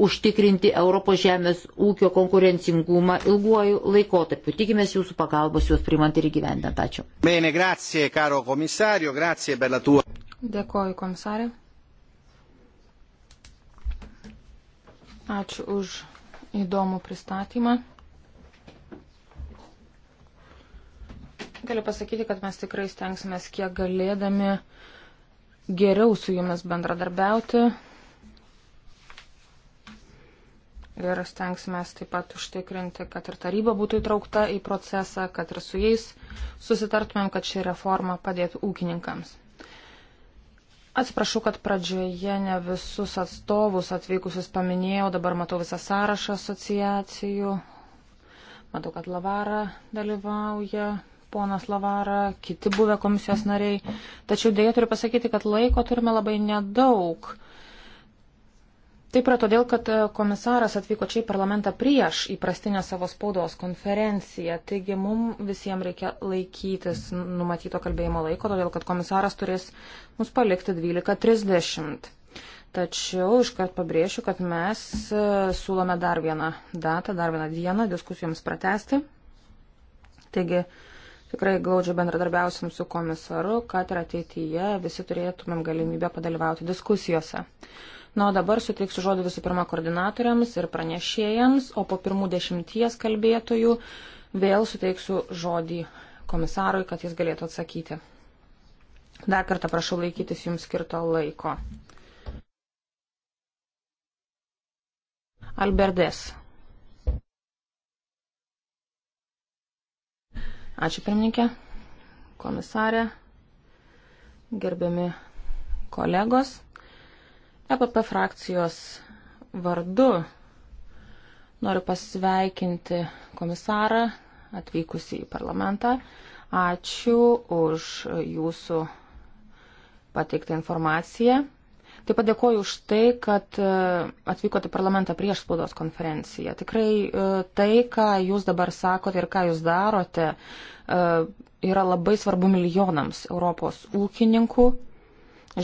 S1: užtikrinti Europos žemės ūkio konkurencingumą ilguoju laikotarpiu. Tikimės jūsų pagalbos, jūs primant ir įgyvendant. Ačiū.
S2: Bene, grazie, caro komisario, grazie per la tua.
S1: Dėkoju, komisarė.
S3: Ačiū už įdomų pristatymą. Galiu pasakyti, kad mes tikrai stengsime, kiek galėdami geriau su jumis bendradarbiauti, ir stengsime taip pat užtikrinti, kad ir taryba būtų įtraukta į procesą, kad ir su jais susitartumėm, kad ši reforma padėtų ūkininkams. Atsiprašau, kad pradžioje ne visus atstovus atvykusius paminėjau, dabar matau visą sąrašą asociacijų. Matau, kad Lavara dalyvauja, ponas Lavara, kiti buvę komisijos nariai. Tačiau dėja turiu pasakyti, kad laiko turime labai nedaug Taip yra todėl, kad e, komisaras atvyko čia į parlamentą prieš įprastinę savo spaudos konferenciją. Taigi mums visiems reikia laikytis numatyto kalbėjimo laiko, todėl kad komisaras turės mus palikti 12.30. Tačiau iškart pabrėšiu, kad mes e, siūlome dar vieną datą, dar vieną dieną diskusijoms pratesti. Taigi tikrai glaudžiai bendradarbiausim su komisaru, kad ir ateityje visi turėtumėm galimybę padalyvauti diskusijose. Na, o dabar suteiksiu žodį visų pirma koordinatoriams ir pranešėjams, o po pirmų dešimties kalbėtojų vėl suteiksiu žodį komisarui, kad jis galėtų atsakyti. Dar kartą prašau laikytis jums skirto laiko. Alberdes. Ačiū pirmininkė, komisarė, gerbiami kolegos. EPP frakcijos vardu noriu pasveikinti komisarą atvykusi į parlamentą. Ačiū už jūsų pateiktą informaciją. Taip pat dėkoju už tai, kad e, atvykote į parlamentą prieš spaudos konferenciją. Tikrai e, tai, ką jūs dabar sakote ir ką jūs darote, e, yra labai svarbu milijonams Europos ūkininkų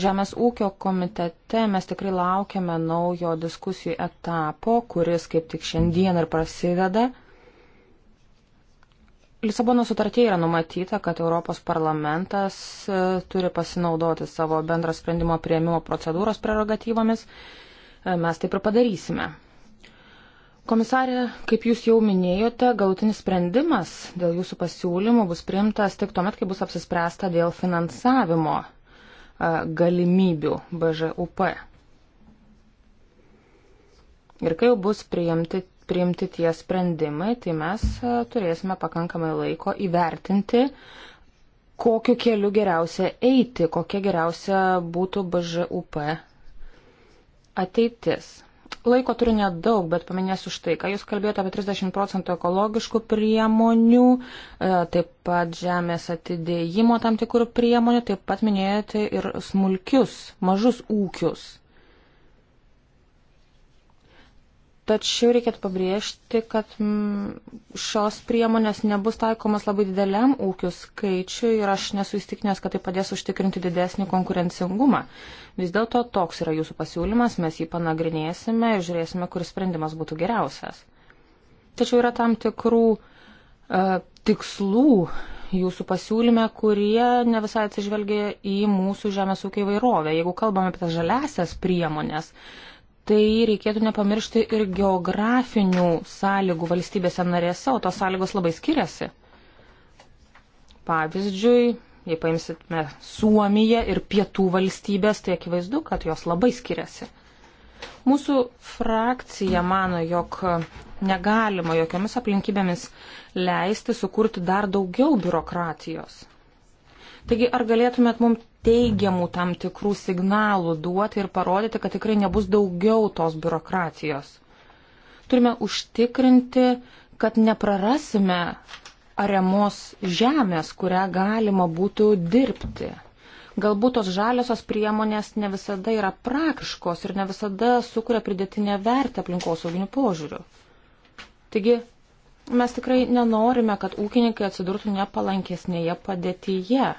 S3: Žemės ūkio komitete mes tikrai laukiame naujo diskusijų etapo, kuris kaip tik šiandien ir prasideda. Lisabono sutartie yra numatyta, kad Europos parlamentas e, turi pasinaudoti savo bendrą sprendimo prieimimo procedūros prerogatyvomis. E, mes taip ir padarysime. Komisarė, kaip jūs jau minėjote, galutinis sprendimas dėl jūsų pasiūlymų bus priimtas tik tuomet, kai bus apsispręsta dėl finansavimo galimybių BŽUP. Ir kai jau bus priimti, priimti tie sprendimai, tai mes turėsime pakankamai laiko įvertinti, kokiu keliu geriausia eiti, kokia geriausia būtų BŽUP ateitis. Laiko turiu nedaug, bet paminėsiu štai, ką jūs kalbėjote apie 30 procentų ekologiškų priemonių, e, taip pat žemės atidėjimo tam tikrų priemonių, taip pat minėjote ir smulkius, mažus ūkius. Tačiau reikėtų pabrėžti, kad mm, šios priemonės nebus taikomas labai dideliam ūkių skaičiui ir aš nesu įstikinęs, kad tai padės užtikrinti didesnį konkurencingumą. Vis dėlto toks yra jūsų pasiūlymas, mes jį panagrinėsime ir žiūrėsime, kuris sprendimas būtų geriausias. Tačiau yra tam tikrų uh, tikslų jūsų pasiūlyme, kurie ne visai atsižvelgia į mūsų žemės ūkio įvairovę. Jeigu kalbame apie tas žaliasias priemonės, uh, tai reikėtų nepamiršti ir geografinių sąlygų valstybėse narėse, o tos sąlygos labai skiriasi. Pavyzdžiui, jei paimsime Suomiją ir pietų valstybės, tai akivaizdu, kad jos labai skiriasi. Mūsų frakcija mano, jog negalima jokiamis aplinkybėmis leisti sukurti dar daugiau biurokratijos. Taigi, ar galėtumėt mums teigiamų tam tikrų signalų duoti ir parodyti, kad tikrai nebus daugiau tos biurokratijos. Turime užtikrinti, kad neprarasime ariamos žemės, kurią galima būtų dirbti. Galbūt tos žaliosios priemonės ne visada yra praktiškos ir ne visada sukuria pridėtinę vertę aplinkosauginių požiūrių. Taigi mes tikrai nenorime, kad ūkininkai atsidurtų nepalankesnėje padėtyje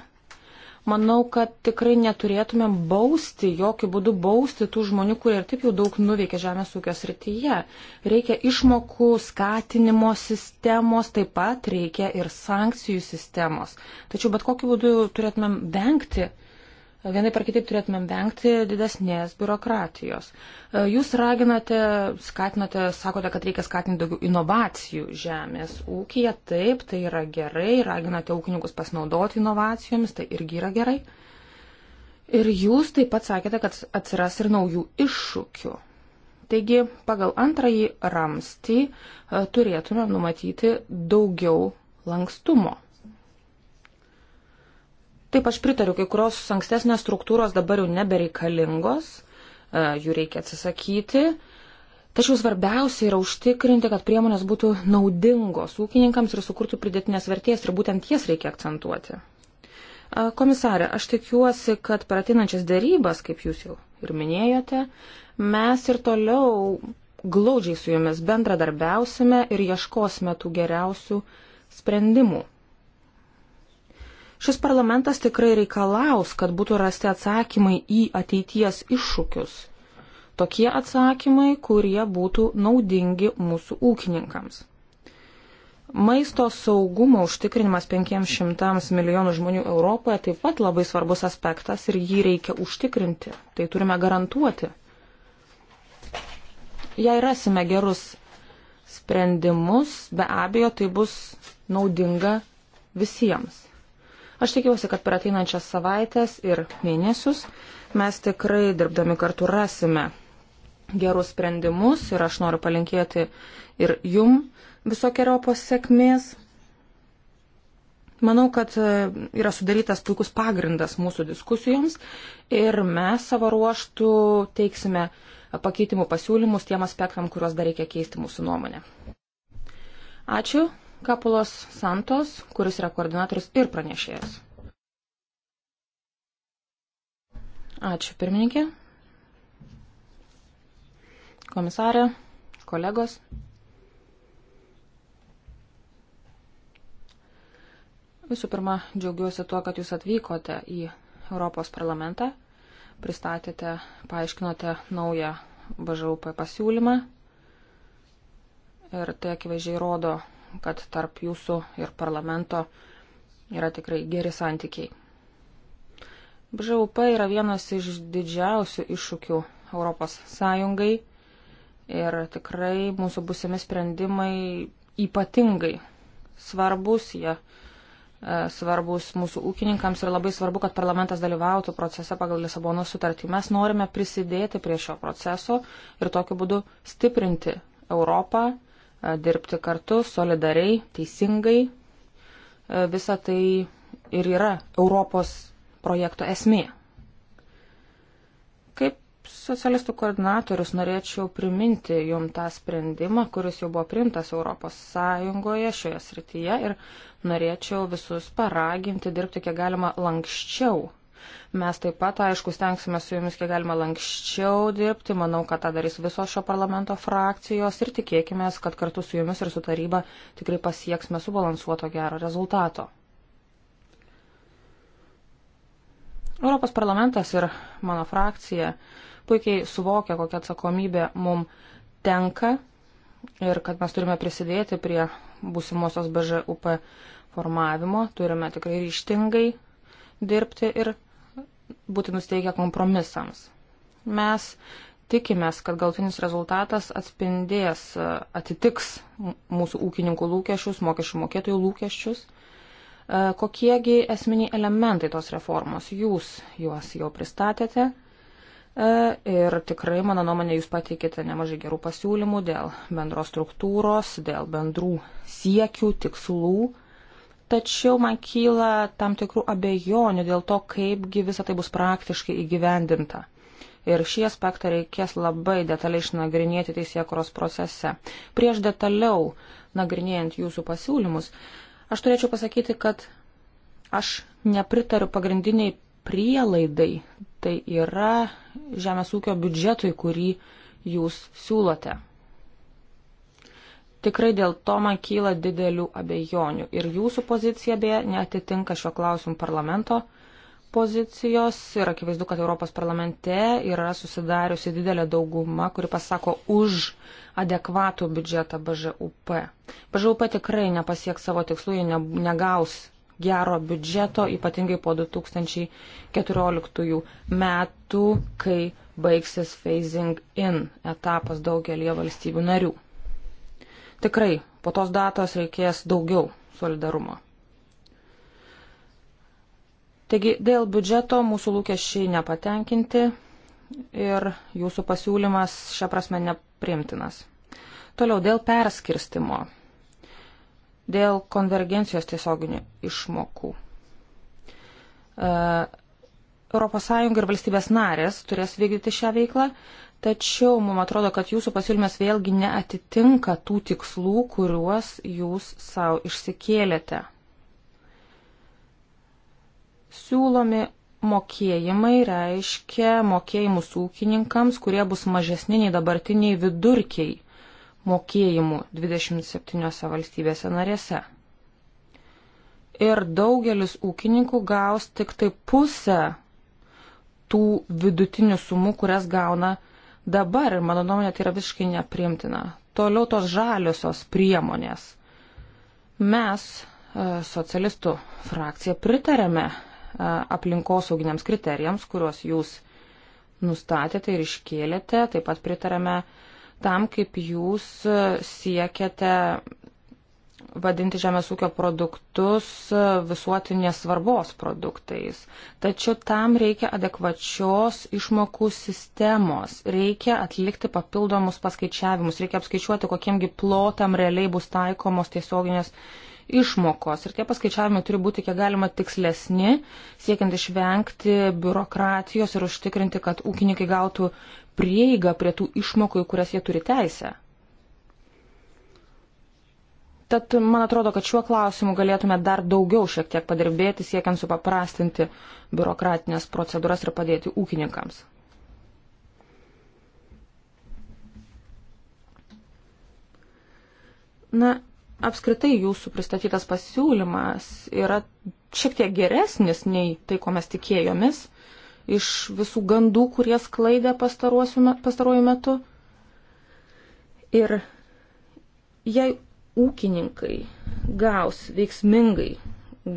S3: manau, kad tikrai neturėtumėm bausti, jokių būdų bausti tų žmonių, kurie ir taip jau daug nuveikė žemės ūkio srityje. Reikia išmokų, skatinimo sistemos, taip pat reikia ir sankcijų sistemos. Tačiau bet kokiu būdu turėtumėm vengti vienai par kitaip turėtumėm vengti didesnės biurokratijos. E, jūs raginate, skatinate, sakote, kad reikia skatinti daugiau inovacijų žemės ūkija, taip, tai yra gerai, raginate ūkininkus pasinaudoti inovacijomis, tai irgi yra gerai. Ir jūs taip pat sakėte, kad atsiras ir naujų iššūkių. Taigi, pagal antrąjį ramstį e, turėtume numatyti daugiau lankstumo Taip aš pritariu, kai kurios ankstesnės struktūros dabar jau nebereikalingos, e, jų reikia atsisakyti. Tačiau svarbiausia yra užtikrinti, kad priemonės būtų naudingos ūkininkams ir sukurtų pridėtinės vertės ir būtent jas reikia akcentuoti. E, komisarė, aš tikiuosi, kad per atinančias dėrybas, kaip jūs jau ir minėjote, mes ir toliau glaudžiai su jumis bendradarbiausime ir ieškosime tų geriausių sprendimų. Šis parlamentas tikrai reikalaus, kad būtų rasti atsakymai į ateities iššūkius. Tokie atsakymai, kurie būtų naudingi mūsų ūkininkams. Maisto saugumo užtikrinimas 500 milijonų žmonių Europoje taip pat labai svarbus aspektas ir jį reikia užtikrinti. Tai turime garantuoti. Jei rasime gerus sprendimus, be abejo, tai bus naudinga visiems. Aš tikiuosi, kad per ateinančias savaitės ir mėnesius mes tikrai dirbdami kartu rasime gerus sprendimus ir aš noriu palinkėti ir jum visokiojopos sėkmės. Manau, kad e, yra sudarytas puikus pagrindas mūsų diskusijoms ir mes savo ruoštų teiksime pakeitimų pasiūlymus tiem aspektam, kuriuos dar reikia keisti mūsų nuomonė. Ačiū. Kapulos Santos, kuris yra koordinatorius ir pranešėjas. Ačiū pirmininkė, komisarė, kolegos. Visų pirma, džiaugiuosi tuo, kad jūs atvykote į Europos parlamentą, pristatėte, paaiškinote naują BŽUP pasiūlymą ir tai akivaizdžiai rodo kad tarp jūsų ir parlamento yra tikrai geri santykiai. BŽUP yra vienas iš didžiausių iššūkių Europos Sąjungai ir tikrai mūsų busimi sprendimai ypatingai svarbus, jie e, svarbus mūsų ūkininkams ir labai svarbu, kad parlamentas dalyvautų procese pagal Lisabono sutartį. Mes norime prisidėti prie šio proceso ir tokiu būdu stiprinti Europą dirbti kartu, solidariai, teisingai. Visa tai ir yra Europos projekto esmė. Kaip socialistų koordinatorius norėčiau priminti jum tą sprendimą, kuris jau buvo primtas Europos Sąjungoje šioje srityje ir norėčiau visus paraginti dirbti kiek galima lankščiau Mes taip pat, aišku, stengsime su jumis kiek galima lankščiau dirbti. Manau, kad tą darys visos šio parlamento frakcijos ir tikėkime, kad kartu su jumis ir su taryba tikrai pasieksime subalansuoto gero rezultato. Europos parlamentas ir mano frakcija puikiai suvokia, kokia atsakomybė mums tenka ir kad mes turime prisidėti prie būsimosios BŽUP formavimo, turime tikrai ryštingai dirbti ir būti nusteikę kompromisams. Mes tikimės, kad galtinis rezultatas atspindės, atitiks mūsų ūkininkų lūkesčius, mokesčių mokėtojų lūkesčius. E, kokiegi esminiai elementai tos reformos? Jūs juos jau pristatėte e, ir tikrai, mano nuomonė, jūs pateikėte nemažai gerų pasiūlymų dėl bendros struktūros, dėl bendrų siekių, tikslų tačiau man kyla tam tikrų abejonių dėl to, kaipgi visą tai bus praktiškai įgyvendinta. Ir šį aspektą reikės labai detaliai išnagrinėti teisėkuros procese. Prieš detaliau nagrinėjant jūsų pasiūlymus, aš turėčiau pasakyti, kad aš nepritariu pagrindiniai prielaidai, tai yra žemės ūkio biudžetui, kurį jūs siūlote. Tikrai dėl to man kyla didelių abejonių ir jūsų pozicija beje netitinka šio klausimu parlamento pozicijos ir akivaizdu, kad Europos parlamente yra susidariusi didelė dauguma, kuri pasako už adekvatų biudžetą BŽUP. BŽUP tikrai nepasieks savo tikslų, jie ne, negaus gero biudžeto, ypatingai po 2014 metų, kai baigsis phasing in etapas daugelie valstybių narių. Tikrai po tos datos reikės daugiau solidarumo. Taigi dėl biudžeto mūsų lūkesčiai nepatenkinti ir jūsų pasiūlymas šią prasme neprimtinas. Toliau dėl perskirstimo, dėl konvergencijos tiesioginių išmokų. ES ir valstybės narės turės vykdyti šią veiklą, Tačiau mums atrodo, kad jūsų pasiūlymas vėlgi neatitinka tų tikslų, kuriuos jūs savo išsikėlėte. Siūlomi mokėjimai reiškia mokėjimus ūkininkams, kurie bus mažesni nei dabartiniai vidurkiai mokėjimų 27 valstybėse narėse. Ir daugelis ūkininkų gaus tik tai pusę tų vidutinių sumų, kurias gauna dabar, ir mano nuomonė, tai yra visiškai neprimtina. Toliau tos žaliosios priemonės. Mes, e, socialistų frakcija, pritarėme e, aplinkosauginiams kriterijams, kuriuos jūs nustatėte ir iškėlėte, taip pat pritarėme tam, kaip jūs e, siekiate vadinti žemės ūkio produktus visuotinės svarbos produktais. Tačiau tam reikia adekvačios išmokų sistemos, reikia atlikti papildomus paskaičiavimus, reikia apskaičiuoti, kokiemgi plotam realiai bus taikomos tiesioginės išmokos. Ir tie paskaičiavimai turi būti kiek galima tikslesni, siekiant išvengti biurokratijos ir užtikrinti, kad ūkininkai gautų prieigą prie tų išmokų, į kurias jie turi teisę. Tad man atrodo, kad šiuo klausimu galėtume dar daugiau šiek tiek padirbėti, siekiant supaprastinti biurokratinės procedūras ir padėti ūkininkams. Na, apskritai jūsų pristatytas pasiūlymas yra šiek tiek geresnis nei tai, ko mes tikėjomis iš visų gandų, kurie sklaidė pastaruoju metu. Ir jei ūkininkai gaus veiksmingai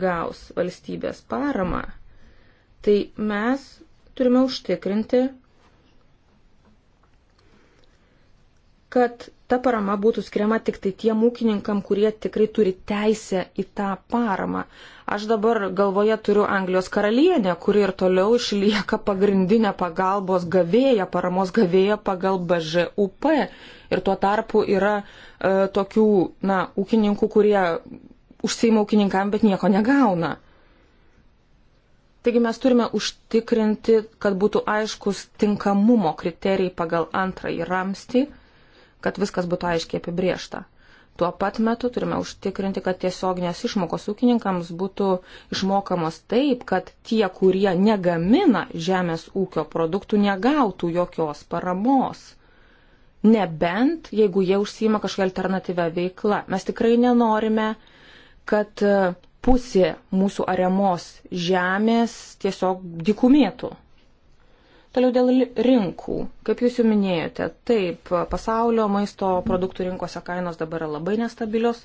S3: gaus valstybės paramą, tai mes turime užtikrinti, kad ta parama būtų skiriama tik tai tiem ūkininkam, kurie tikrai turi teisę į tą paramą. Aš dabar galvoje turiu Anglijos karalienę, kuri ir toliau išlieka pagrindinė pagalbos gavėja, paramos gavėja pagal BŽUP Ir tuo tarpu yra e, tokių, na, ūkininkų, kurie užsima ūkininkam, bet nieko negauna. Taigi mes turime užtikrinti, kad būtų aiškus tinkamumo kriterijai pagal antrąjį ramstį, kad viskas būtų aiškiai apibriešta. Tuo pat metu turime užtikrinti, kad tiesioginės išmokos ūkininkams būtų išmokamos taip, kad tie, kurie negamina žemės ūkio produktų, negautų jokios paramos. Nebent, jeigu jie užsima kažkokią alternatyvę veiklą. Mes tikrai nenorime, kad e, pusė mūsų ariamos žemės tiesiog dikumėtų. Toliau dėl rinkų. Kaip jūs jau minėjote, taip, pasaulio maisto produktų rinkose kainos dabar yra labai nestabilios.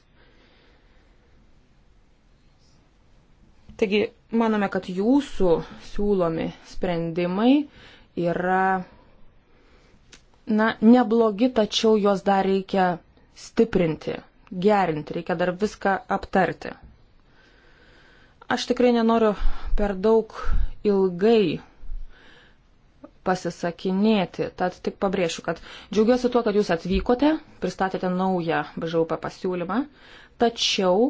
S3: Taigi, manome, kad jūsų siūlomi sprendimai yra na, neblogi, tačiau juos dar reikia stiprinti, gerinti, reikia dar viską aptarti. Aš tikrai nenoriu per daug ilgai pasisakinėti, tad tik pabrėšiu, kad džiaugiuosi tuo, kad jūs atvykote, pristatėte naują BŽUP pasiūlymą, tačiau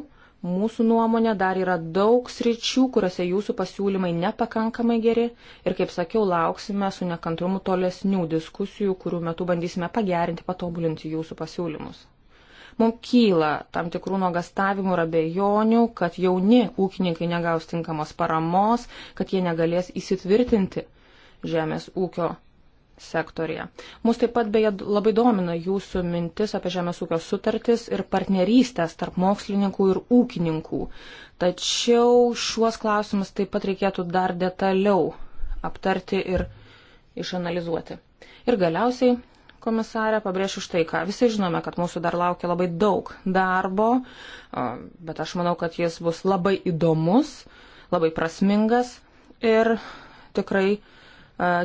S3: Mūsų nuomonė dar yra daug sričių, kuriuose jūsų pasiūlymai nepakankamai geri ir, kaip sakiau, lauksime su nekantrumu tolesnių diskusijų, kurių metu bandysime pagerinti, patobulinti jūsų pasiūlymus. Mums kyla tam tikrų nuogastavimų ir abejonių, kad jauni ūkininkai negaus tinkamos paramos, kad jie negalės įsitvirtinti žemės ūkio sektorija. Mus taip pat beje labai domina jūsų mintis apie žemės ūkio sutartis ir partnerystės tarp mokslininkų ir ūkininkų. Tačiau šiuos klausimus taip pat reikėtų dar detaliau aptarti ir išanalizuoti. Ir galiausiai, komisarė, pabrėšiu štai ką. Visi žinome, kad mūsų dar laukia labai daug darbo, bet aš manau, kad jis bus labai įdomus, labai prasmingas ir tikrai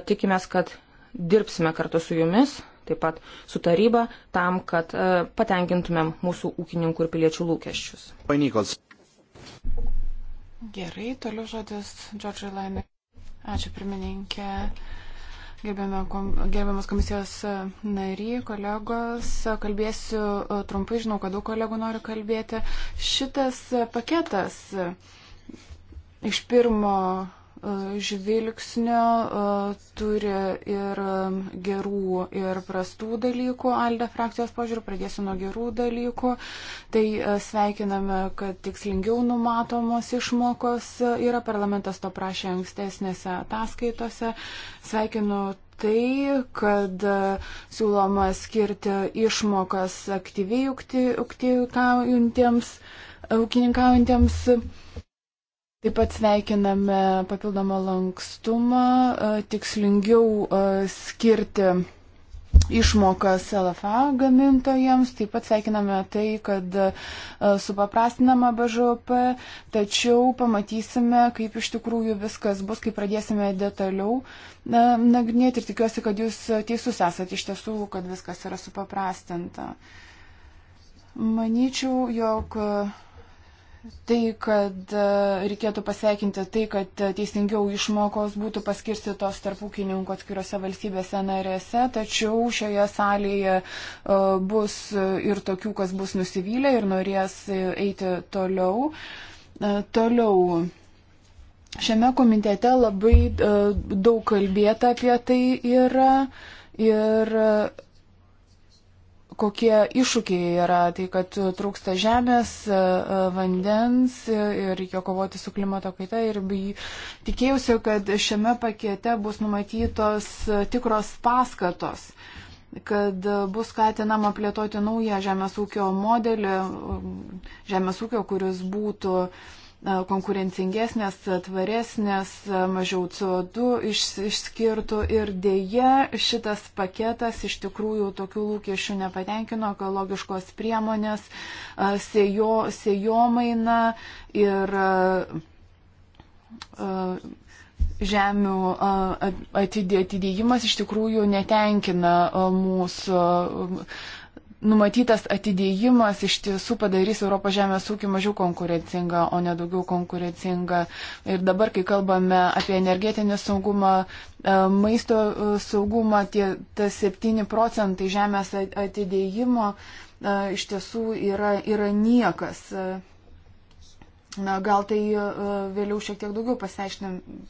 S3: tikimės, kad dirbsime kartu su jumis, taip pat su taryba, tam, kad e, patenkintumėm mūsų ūkininkų ir piliečių lūkesčius.
S1: Panikos.
S2: Gerai, toliau žodis Džordžiai Lainai. Ačiū pirmininkė. Gerbiamas komisijos nary, kolegos, kalbėsiu e, trumpai, žinau, kad daug kolegų nori kalbėti. Šitas paketas iš pirmo E, žvilgsnio, e, turi ir e, gerų, ir prastų dalykų. Alde frakcijos požiūrį pradėsiu nuo gerų dalykų. Tai sveikiname, kad tikslingiau numatomos išmokos yra. Parlamentas to prašė ankstesnėse ataskaitose. Sveikinu tai, kad siūloma skirti išmokas aktyviai ūkininkaujantiems. Ukti, Taip pat sveikiname papildomą lankstumą, e, tikslingiau e, skirti išmokas LFA gamintojams. Taip pat sveikiname tai, kad e, supaprastinama BŽOP, tačiau pamatysime, kaip iš tikrųjų viskas bus, kai pradėsime detaliau nagrinėti ir tikiuosi, kad jūs teisus esate iš tiesų, kad viskas yra supaprastinta. Manyčiau, jog tai, kad e, reikėtų pasveikinti tai, kad e, teisingiau išmokos būtų paskirstytos tarp ūkininkų atskiriuose valstybėse narėse, tačiau šioje salėje e, bus ir tokių, kas bus nusivylę ir norės eiti toliau. Toliau. Šiame komitete labai daug kalbėta apie tai yra ir. ir kokie iššūkiai yra. Tai, kad trūksta žemės, e, e, vandens ir reikia kovoti su klimato kaita. Ir tikėjausi, kad šiame pakete bus numatytos tikros paskatos kad bus skatinama plėtoti naują žemės ūkio modelį, žemės ūkio, kuris būtų uh, konkurencingesnės, tvaresnės, mažiau CO2 iš, išskirtų ir dėje šitas paketas iš tikrųjų tokių lūkesčių nepatenkino, ekologiškos priemonės, sėjo, sėjomaina ir žemių atidėjimas iš tikrųjų netenkina mūsų numatytas atidėjimas iš tiesų padarys Europos žemės ūkį mažiau konkurencingą, o ne daugiau konkurencingą. Ir dabar, kai kalbame apie energetinį saugumą, e, maisto e, saugumą, tie, tas 7 procentai žemės atidėjimo e, iš tiesų yra, yra niekas. Na, gal tai vėliau šiek tiek daugiau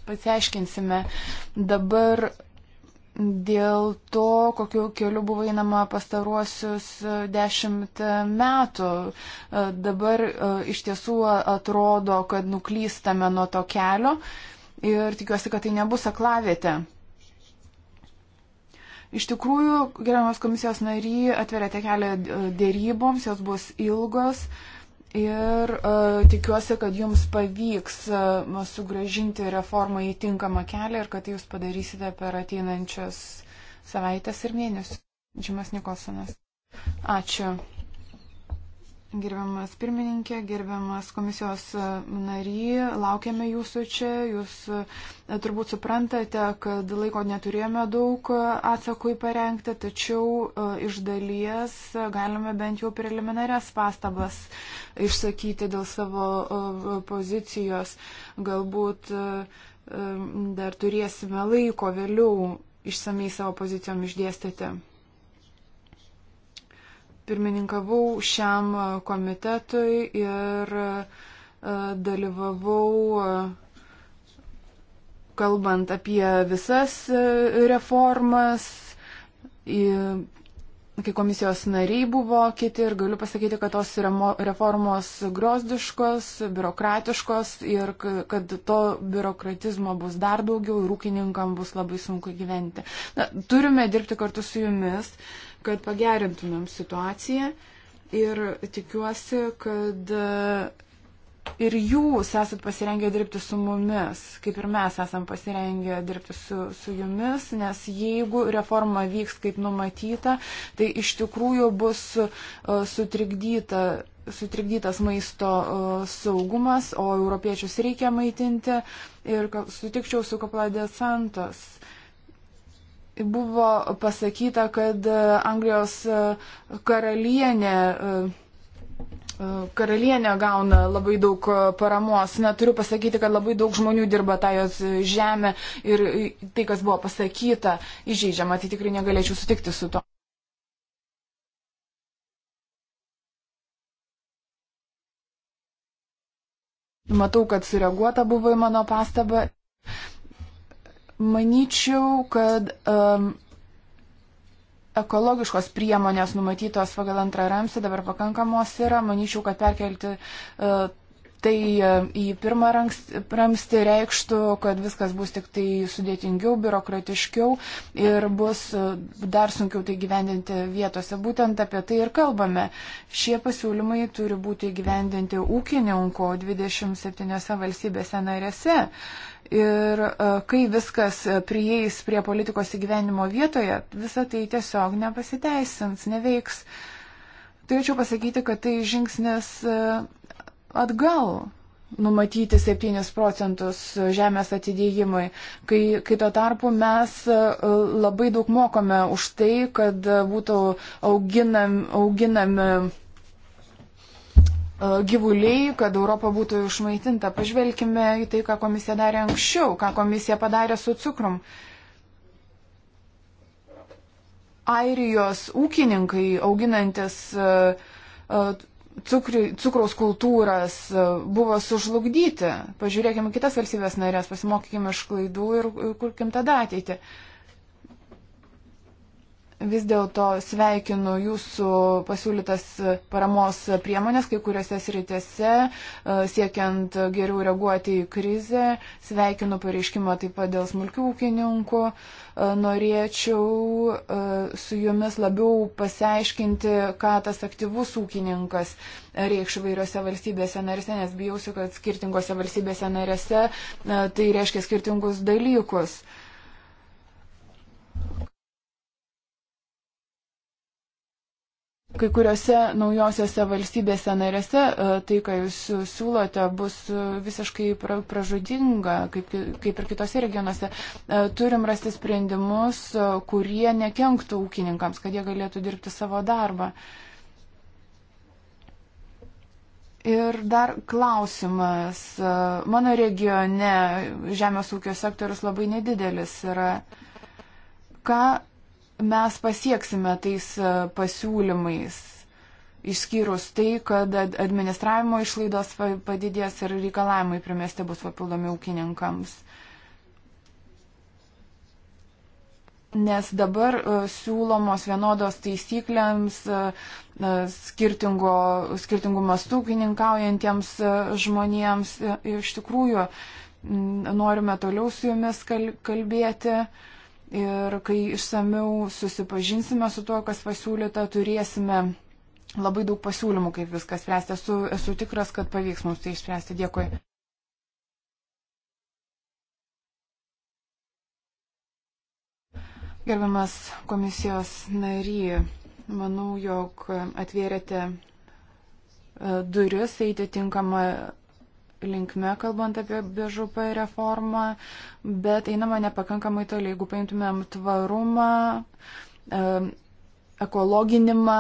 S2: pasiaiškinsime. Dabar dėl to, kokiu keliu buvo einama pastaruosius e, dešimt e, metų. E, dabar iš tiesų atrodo, kad nuklystame nuo to kelio ir tikiuosi, kad tai nebus aklavietė. Iš tikrųjų, gerbiamas komisijos nariai atverėte kelią dėryboms, jos bus ilgos. Uh, Ir uh, tikiuosi, kad jums pavyks uh, sugražinti reformą į tinkamą kelią ir kad jūs padarysite per ateinančias savaitės ir mėnesius. Džimas Nikolsonas. Ačiū. Gerbiamas pirmininkė, gerbiamas komisijos nary, laukiame jūsų čia. Jūs e, turbūt suprantate, kad laiko neturėjome daug atsakui parengti, tačiau e, iš dalies galime bent jau preliminarias pastabas išsakyti dėl savo e, pozicijos. Galbūt dar turėsime laiko vėliau išsamei savo pozicijom išdėstyti pirmininkavau šiam komitetui ir e, dalyvavau e, kalbant apie visas e, reformas, kai komisijos nariai buvo kiti ir galiu pasakyti, kad tos reformos grozdiškos, biurokratiškos ir kad to biurokratizmo bus dar daugiau ir ūkininkam bus labai sunku gyventi. Na, turime dirbti kartu su jumis, kad pagerintumėm situaciją ir tikiuosi, kad ir jūs esat pasirengę dirbti su mumis, kaip ir mes esam pasirengę dirbti su, su jumis, nes jeigu reforma vyks kaip numatyta, tai iš tikrųjų bus e, sutrikdyta, sutrikdytas maisto e, saugumas, o europiečius reikia maitinti ir sutikčiau su Kapladė Santos. Buvo pasakyta, kad e, Anglijos karalienė Karalienė gauna labai daug e, paramos. Neturiu pasakyti, kad labai daug žmonių dirba tą jos žemę ir tai, kas buvo pasakyta, įžeidžiama. Tai tikrai negalėčiau sutikti su to. Matau, kad sureaguota buvo į mano pastabą. Manyčiau, kad um, ekologiškos priemonės numatytos pagal antrą ramsį dabar pakankamos yra. Manyčiau, kad perkelti e, Tai e, į pirmą ramstį reikštų, kad viskas bus tik tai sudėtingiau, biurokratiškiau ir bus e, dar sunkiau tai gyvendinti vietose. Būtent apie tai ir kalbame. Šie pasiūlymai turi būti gyvendinti ūkininko 27 valstybėse narėse. Ir e, kai viskas prieis prie politikos įgyvenimo vietoje, visa tai tiesiog nepasiteisins, neveiks. Turėčiau pasakyti, kad tai žingsnis atgal numatyti 7 procentus žemės atidėjimui, kai, kai tuo tarpu mes e, labai daug mokome už tai, kad būtų auginam, auginami e, gyvuliai, kad Europa būtų išmaitinta. Pažvelkime į tai, ką komisija darė anksčiau, ką komisija padarė su cukrum. Airijos ūkininkai auginantis e, cukri, cukraus kultūras e, buvo sužlugdyti. Pažiūrėkime kitas valstybės narės, pasimokykime iš klaidų ir kurkim tada ateitį. Uh, vis dėlto sveikinu jūsų pasiūlytas paramos priemonės kai kuriuose sritėse, e, siekiant geriau reaguoti į krizę. Sveikinu pareiškimą taip pat dėl smulkių ūkininkų. E, norėčiau e, su jumis labiau pasiaiškinti, ką tas aktyvus ūkininkas reikš vairiose valstybėse narėse, nes bijausiu, kad skirtingose valstybėse narėse tai reiškia skirtingus dalykus. Kai kuriuose naujosiuose valstybėse narėse e, tai, ką jūs siūlote, bus e, visiškai pražudinga, kaip, kaip ir kitose regionuose. E, turim rasti sprendimus, kurie nekenktų ūkininkams, kad jie galėtų dirbti savo darbą. Ir dar klausimas. Mano regione žemės ūkio sektorius labai nedidelis yra. Ką mes pasieksime tais e, pasiūlymais, išskyrus tai, kad administravimo išlaidos padidės ir reikalavimai primesti bus papildomi ūkininkams. Nes dabar e, siūlomos vienodos taisyklėms e, skirtingo, skirtingų mastų ūkininkaujantiems žmonėms iš tikrųjų norime toliau su jumis kalbėti. Ir kai išsamiau susipažinsime su tuo, kas pasiūlyta, turėsime labai daug pasiūlymų, kaip viskas spręsti. Esu, esu tikras, kad pavyks mums tai išspręsti. Dėkui. Gerbiamas komisijos nary, manau, jog atvėrėte e, duris eiti tinkamą linkme, kalbant apie BŽP reformą, bet einama nepakankamai toli. Jeigu paimtumėm tvarumą, ekologinimą,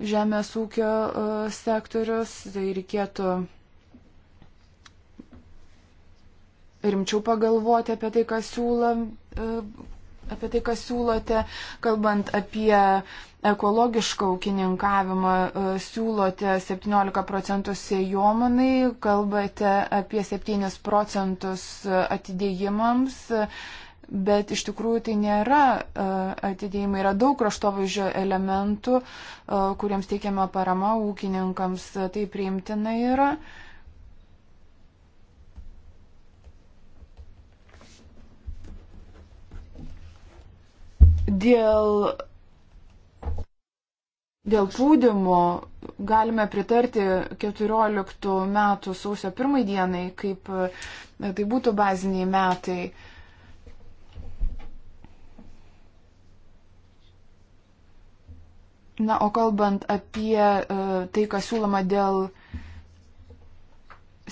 S2: žemės ūkio e, sektorius, tai reikėtų rimčiau pagalvoti apie tai, ką siūlo, e, apie tai, ką siūlote, kalbant apie ekologišką ūkininkavimą, e, siūlote 17 procentų sėjomanai, kalbate apie 7 procentus e, atidėjimams, bet iš tikrųjų tai nėra e, atidėjimai, yra daug kraštovaizdžio elementų, kuriems teikiama parama ūkininkams, tai priimtina yra. Dėl Dėl pūdimo galime pritarti 14 metų sausio pirmai dienai, kaip e, tai būtų baziniai metai. Na, o kalbant apie uh, tai, kas siūloma dėl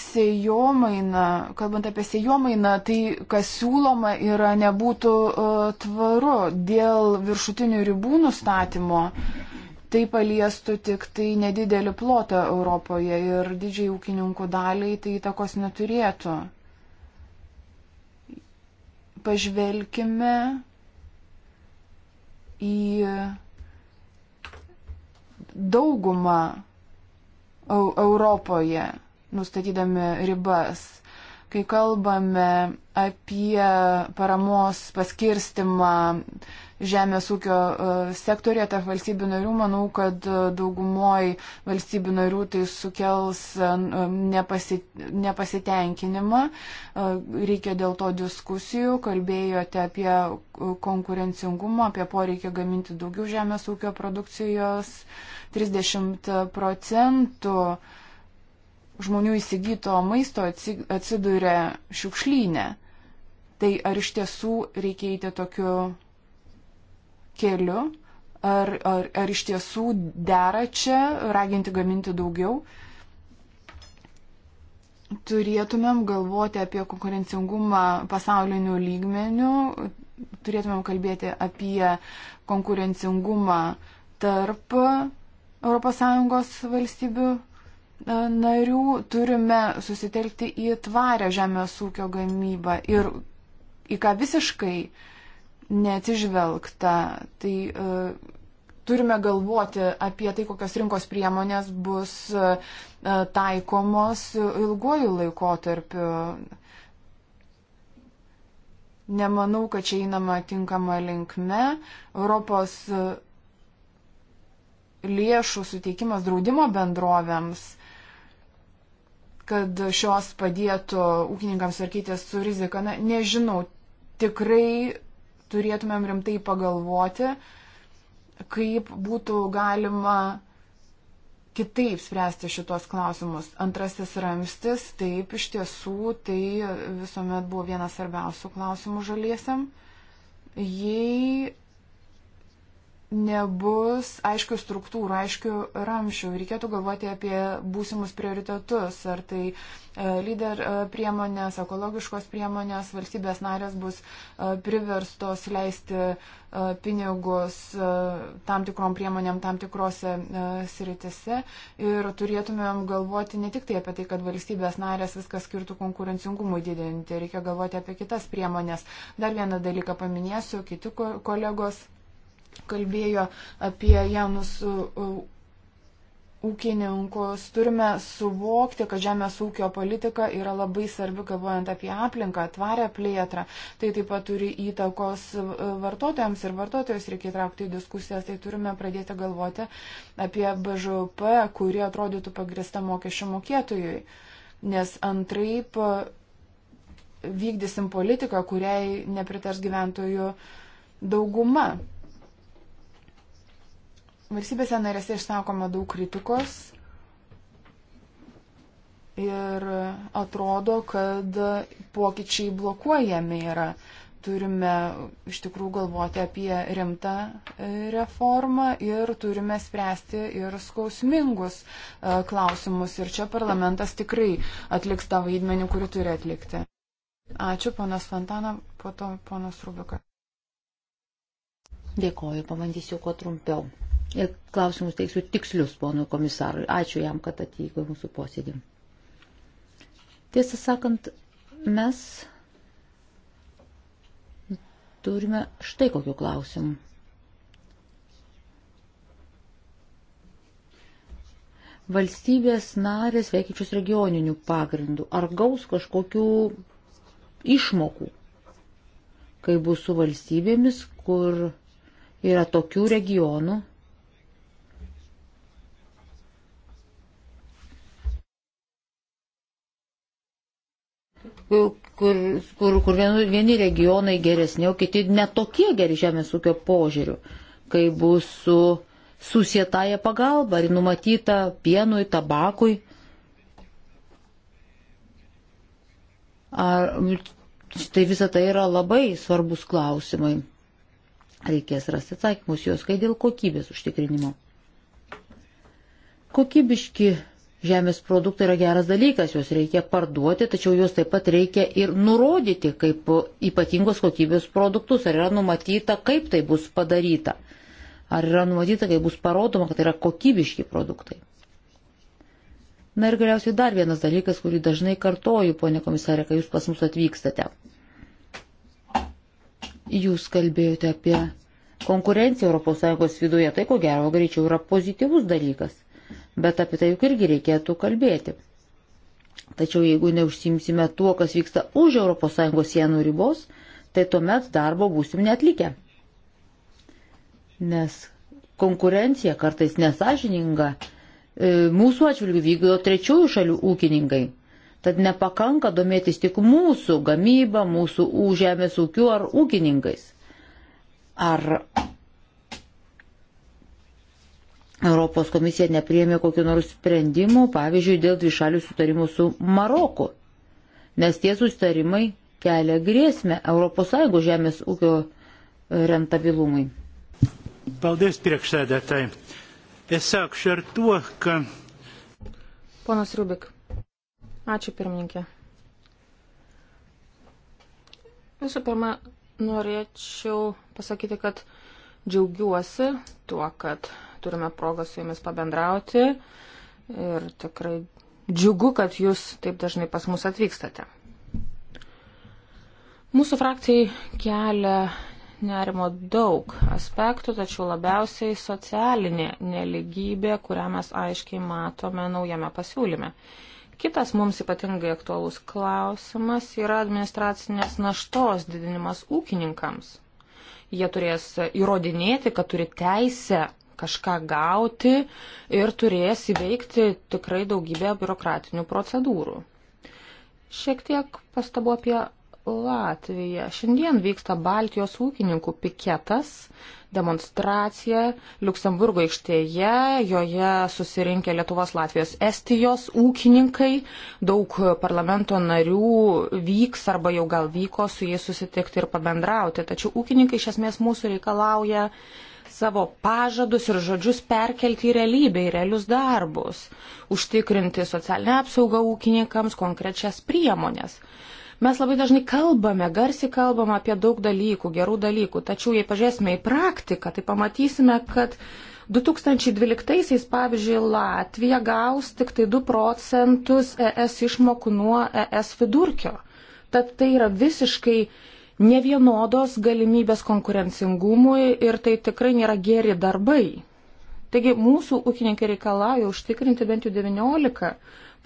S2: sėjomainą, kalbant apie sėjomainą, tai, kas siūloma yra nebūtų uh, tvaru dėl viršutinių ribų nustatymo. Uh, tai paliestų tik tai nedidelį plotą Europoje ir didžiai ūkininkų daliai tai įtakos neturėtų. Pažvelkime į daugumą Europoje, nustatydami ribas. Kai kalbame apie paramos paskirstimą žemės ūkio e, sektorė tarp valstybių narių. Manau, kad e, daugumoj valstybių narių tai sukels e, nepasi, nepasitenkinimą. Reikia dėl to diskusijų. Kalbėjote apie konkurencingumą, apie poreikį gaminti daugiau žemės ūkio produkcijos. 30 procentų žmonių įsigyto maisto atsiduria šiukšlyne. Tai ar iš tiesų reikia eiti tokiu keliu, ar, ar, ar iš tiesų dera čia raginti gaminti daugiau. Turėtumėm galvoti apie konkurencingumą pasaulinių lygmenių, turėtumėm kalbėti apie konkurencingumą tarp ES valstybių e, narių, turime susitelkti į tvarę žemės ūkio gamybą ir į ką visiškai uh, neatsižvelgta. Tai e, turime galvoti apie tai, kokios rinkos priemonės bus e, taikomos ilguoju laikotarpiu. Nemanau, kad čia einama tinkama linkme. Europos e, lėšų suteikimas draudimo bendrovėms, kad šios padėtų ūkininkams varkytis su rizika, na, nežinau, tikrai turėtumėm rimtai pagalvoti, kaip būtų galima kitaip spręsti šitos klausimus. Antrasis ramstis, taip iš tiesų, tai visuomet buvo vienas svarbiausių klausimų žaliesiam. Jei nebus aiškių struktūrų, aiškių ramšių. Reikėtų galvoti apie būsimus prioritetus, ar tai e, lyder e, priemonės, ekologiškos priemonės, valstybės narės bus e, priverstos leisti pinigus tam tikrom priemonėm tam tikrose sritise. Ir turėtumėm galvoti ne tik tai apie tai, kad valstybės narės viskas skirtų konkurencingumui didinti, reikia galvoti apie kitas priemonės. Dar vieną dalyką paminėsiu, kiti kolegos kalbėjo apie jaunus ūkininkus. Turime suvokti, kad žemės ūkio politika yra labai svarbi, galvojant apie aplinką, tvarę plėtrą. Tai taip pat turi įtakos e, vartotojams ir vartotojus reikia traukti į diskusijas. Tai turime pradėti galvoti apie BŽP, kuri atrodytų pagrista mokesčių mokėtojui. Nes antraip e, vykdysim politiką, kuriai nepritars gyventojų dauguma. Varsybėse narėse išsakoma daug kritikos ir atrodo, kad pokyčiai blokuojami yra. Turime iš tikrųjų galvoti apie rimtą reformą ir turime spręsti ir skausmingus e, klausimus. Ir čia parlamentas tikrai atliks tą vaidmenį, kurį turi atlikti. Ačiū, ponas Fontana, po to ponas Rubika.
S1: Dėkoju, pabandysiu kuo trumpiau. Ir klausimus teiksiu tikslius ponui komisarui. Ačiū jam, kad atvyko į mūsų posėdį. Tiesą sakant, mes turime štai kokiu klausimu. Valstybės narės veikiančius regioninių pagrindų. Ar gaus kažkokių išmokų, kai bus su valstybėmis, kur yra tokių regionų, kur, kur, kur vieni regionai geresni, o kiti netokie geri žemės ūkio požiūrių, kai bus su susietaja pagalba ir numatyta pienui, tabakui. Ar, tai visa tai yra labai svarbus klausimai. Reikės rasti atsakymus juos, kai dėl kokybės užtikrinimo. Kokybiški Žemės produktai yra geras dalykas, juos reikia parduoti, tačiau juos taip pat reikia ir nurodyti kaip ypatingos kokybės produktus, ar yra numatyta, kaip tai bus padaryta, ar yra numatyta, kaip bus parodoma, kad tai yra kokybiški produktai. Na ir galiausiai dar vienas dalykas, kurį dažnai kartoju, ponė komisarė, kai jūs pas mus atvykstate. Jūs kalbėjote apie konkurenciją ES viduje, tai ko gero greičiau yra pozityvus dalykas bet apie tai juk irgi reikėtų kalbėti. Tačiau jeigu neužsimsime tuo, kas vyksta už ES sienų ribos, tai tuomet darbo būsim netlikę. Nes konkurencija kartais nesažininga, e, mūsų atžvilgių vykdo trečiųjų šalių ūkininkai. Tad nepakanka domėtis tik mūsų gamyba, mūsų žemės ūkiu ar ūkininkais. Ar Europos komisija nepriemė kokiu nors sprendimu, pavyzdžiui, dėl dvišalių sutarimų su Maroku, nes tie sutarimai kelia grėsmę ES žemės ūkio rentabilumui.
S3: Paldies priekšsėdėtai. Tiesiog šartuo, kad. Ponas Rubik. Ačiū pirmininkė. Visų pirma, norėčiau pasakyti, kad džiaugiuosi tuo, kad turime progą su jumis pabendrauti ir tikrai džiugu, kad jūs taip dažnai pas mus atvykstate. Mūsų frakcijai kelia nerimo daug aspektų, tačiau labiausiai socialinė neligybė, kurią mes aiškiai matome naujame pasiūlyme. Kitas mums ypatingai aktualus klausimas yra administracinės naštos didinimas ūkininkams. Jie turės įrodinėti, kad turi teisę kažką gauti ir turės įveikti tikrai daugybę biurokratinių procedūrų. Šiek tiek pastabu apie Latviją. Šiandien vyksta Baltijos ūkininkų piketas, demonstracija Luksemburgo aikštėje, joje susirinkę Lietuvos, Latvijos, Estijos ūkininkai, daug parlamento narių vyks arba jau gal vyko su jais susitikti ir pabendrauti. Tačiau ūkininkai iš esmės mūsų reikalauja savo pažadus ir žodžius perkelti į realybę, į realius darbus, užtikrinti socialinę apsaugą ūkininkams, konkrečias priemonės. Mes labai dažnai kalbame, garsiai kalbame apie daug dalykų, gerų dalykų, tačiau jei pažiūrėsime į praktiką, tai pamatysime, kad 2012-aisiais, pavyzdžiui, Latvija gaus tik tai 2 procentus ES išmokų nuo ES vidurkio. Tad tai yra visiškai nevienodos galimybės konkurencingumui ir tai tikrai nėra geri darbai. Taigi mūsų ūkininkai reikalauja užtikrinti bent jau 19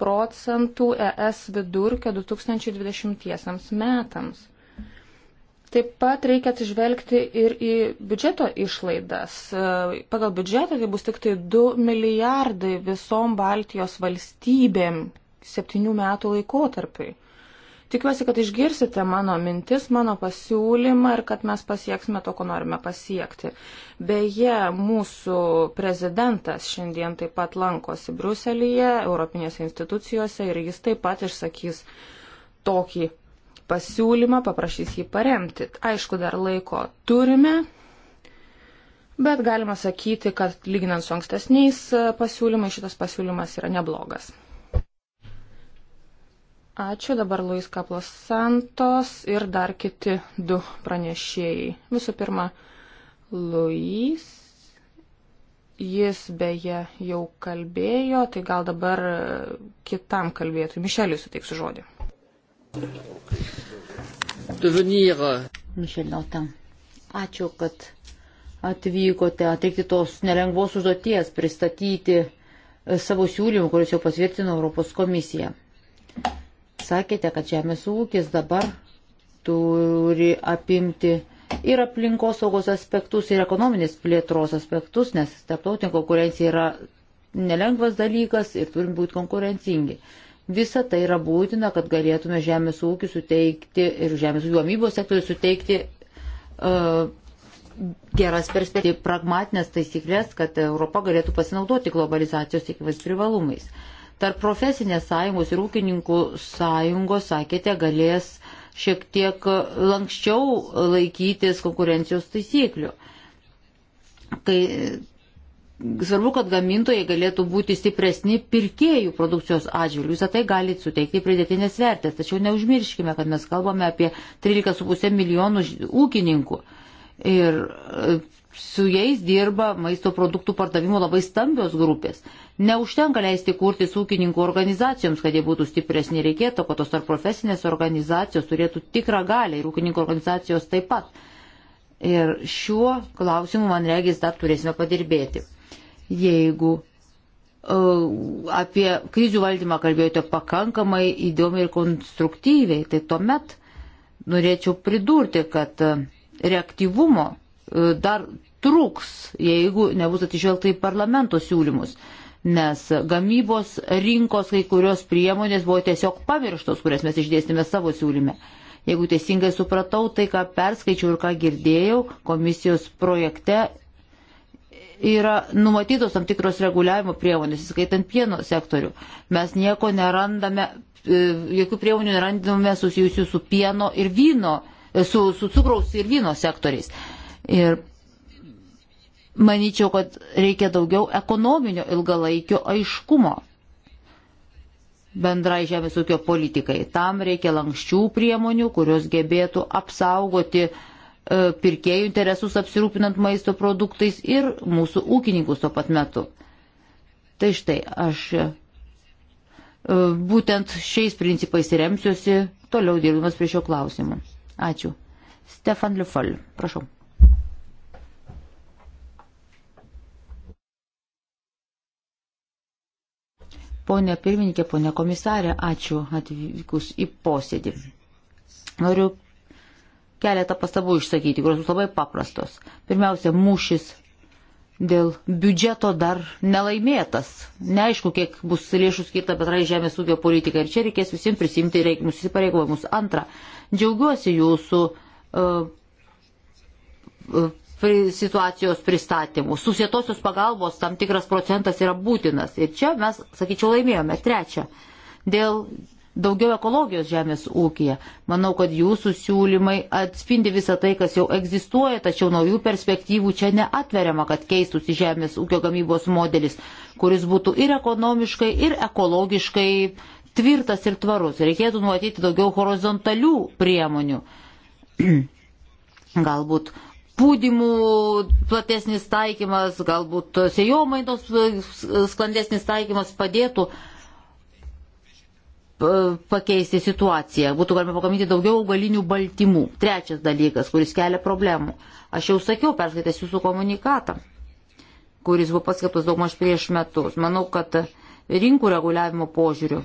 S3: procentų ES vidurkio 2020 metams. Taip pat reikia atsižvelgti ir į biudžeto išlaidas. Pagal biudžetą tai bus tik tai 2 milijardai visom Baltijos valstybėm septynių metų laikotarpiai. Tikiuosi, kad išgirsite mano mintis, mano pasiūlymą ir kad mes pasieksime to, ko norime pasiekti. Beje, mūsų prezidentas šiandien taip pat lankosi Bruselėje, Europinėse institucijose ir jis taip pat išsakys tokį pasiūlymą, paprašys jį paremti. Aišku, dar laiko turime. Bet galima sakyti, kad lyginant su ankstesniais pasiūlymais, šitas pasiūlymas yra neblogas. Ačiū dabar Luis Kaplos Santos ir dar kiti du pranešėjai. Visų pirma, Luis. Jis beje jau kalbėjo, tai gal dabar kitam kalbėtų. Mišeliui suteiksiu žodį.
S1: Devenir. Mišel Nautan. Ačiū, kad atvykote atlikti tos nelengvos užduoties, pristatyti savo siūlymų, kuris jau patvirtino Europos komisija. Sakėte, kad žemės ūkis dabar turi apimti ir aplinkosaugos aspektus, ir ekonominės plėtros aspektus, nes tarptautinė konkurencija yra nelengvas dalykas ir turim būti konkurencingi. Visa tai yra būtina, kad galėtume žemės ūkį suteikti ir žemės ūkio gamybos sektoriui suteikti uh, geras perspektyvas, pragmatinės taisyklės, kad Europa galėtų pasinaudoti globalizacijos teikiamais privalumais. Uh, Tarp profesinės sąjungos ir ūkininkų sąjungos, sakėte, galės šiek tiek lankščiau laikytis konkurencijos taisyklių. Kai svarbu, kad gamintojai galėtų būti stipresni pirkėjų produkcijos atžvilgių. Visą tai gali suteikti pridėtinės vertės. Tačiau neužmirškime, kad mes kalbame apie 13,5 milijonų ūkininkų. Ir e, su jais dirba maisto produktų pardavimo labai stambios grupės. Neužtenka leisti kurtis ūkininkų organizacijoms, kad jie būtų stipresni, reikėtų, kad tos tarp profesinės organizacijos turėtų tikrą galę ir ūkininkų organizacijos taip pat. Ir šiuo klausimu, man regis, dar turėsime padirbėti. Jeigu uh, apie krizių valdymą kalbėjote pakankamai įdomiai ir konstruktyviai, tai tuomet norėčiau pridurti, kad e, reaktyvumo dar trūks, jeigu nebus atižvelgta į parlamento siūlymus, nes gamybos rinkos kai kurios priemonės buvo tiesiog pamirštos, kurias mes išdėstėme savo siūlyme. Jeigu teisingai supratau, tai ką perskaičiau ir ką girdėjau, komisijos projekte yra numatytos tam tikros reguliavimo priemonės, įskaitant pieno sektorių. Mes nieko nerandame, e, jokių priemonių nerandame susijusių su pieno ir vyno, e, su, su cukraus ir vyno sektoriais. Ir manyčiau, kad reikia daugiau ekonominio ilgalaikio aiškumo bendrai žemės ūkio politikai. Tam reikia lankščių priemonių, kurios gebėtų apsaugoti e, pirkėjų interesus apsirūpinant maisto produktais ir mūsų ūkininkus tuo pat metu. Tai štai, aš e, būtent šiais principais remsiuosi toliau dirbamas prie šio klausimų. Ačiū. Stefan Liufol, prašau. Pone pirmininkė, pone komisarė, ačiū atvykus į posėdį. Noriu keletą pastabų išsakyti, kurios bus labai paprastos. Pirmiausia, mūšis dėl biudžeto dar nelaimėtas. Neaišku, kiek bus lėšų skirta bendrai žemės ūkio politikai ir čia reikės visiems prisimti reikimus įsipareigojimus. Antra, džiaugiuosi jūsų uh, uh, situacijos pristatymų. Susietosios pagalbos tam tikras procentas yra būtinas. Ir čia mes, sakyčiau, laimėjome. Trečia, dėl daugiau ekologijos žemės ūkija. Manau, kad jūsų siūlymai atspindi visą tai, kas jau egzistuoja, tačiau naujų perspektyvų čia neatveriama, kad keistųsi žemės ūkio gamybos modelis, kuris būtų ir ekonomiškai, ir ekologiškai tvirtas ir tvarus. Reikėtų numatyti daugiau horizontalių priemonių. Galbūt pūdymų platesnis taikymas, galbūt sejomainos sklandesnis taikymas padėtų pakeisti situaciją. Būtų galima pagaminti daugiau augalinių baltymų. Trečias dalykas, kuris kelia problemų. Aš jau sakiau, perskaitęs jūsų komunikatą, kuris buvo paskelbtas daugmaž prieš metus. Manau, kad rinkų reguliavimo požiūriu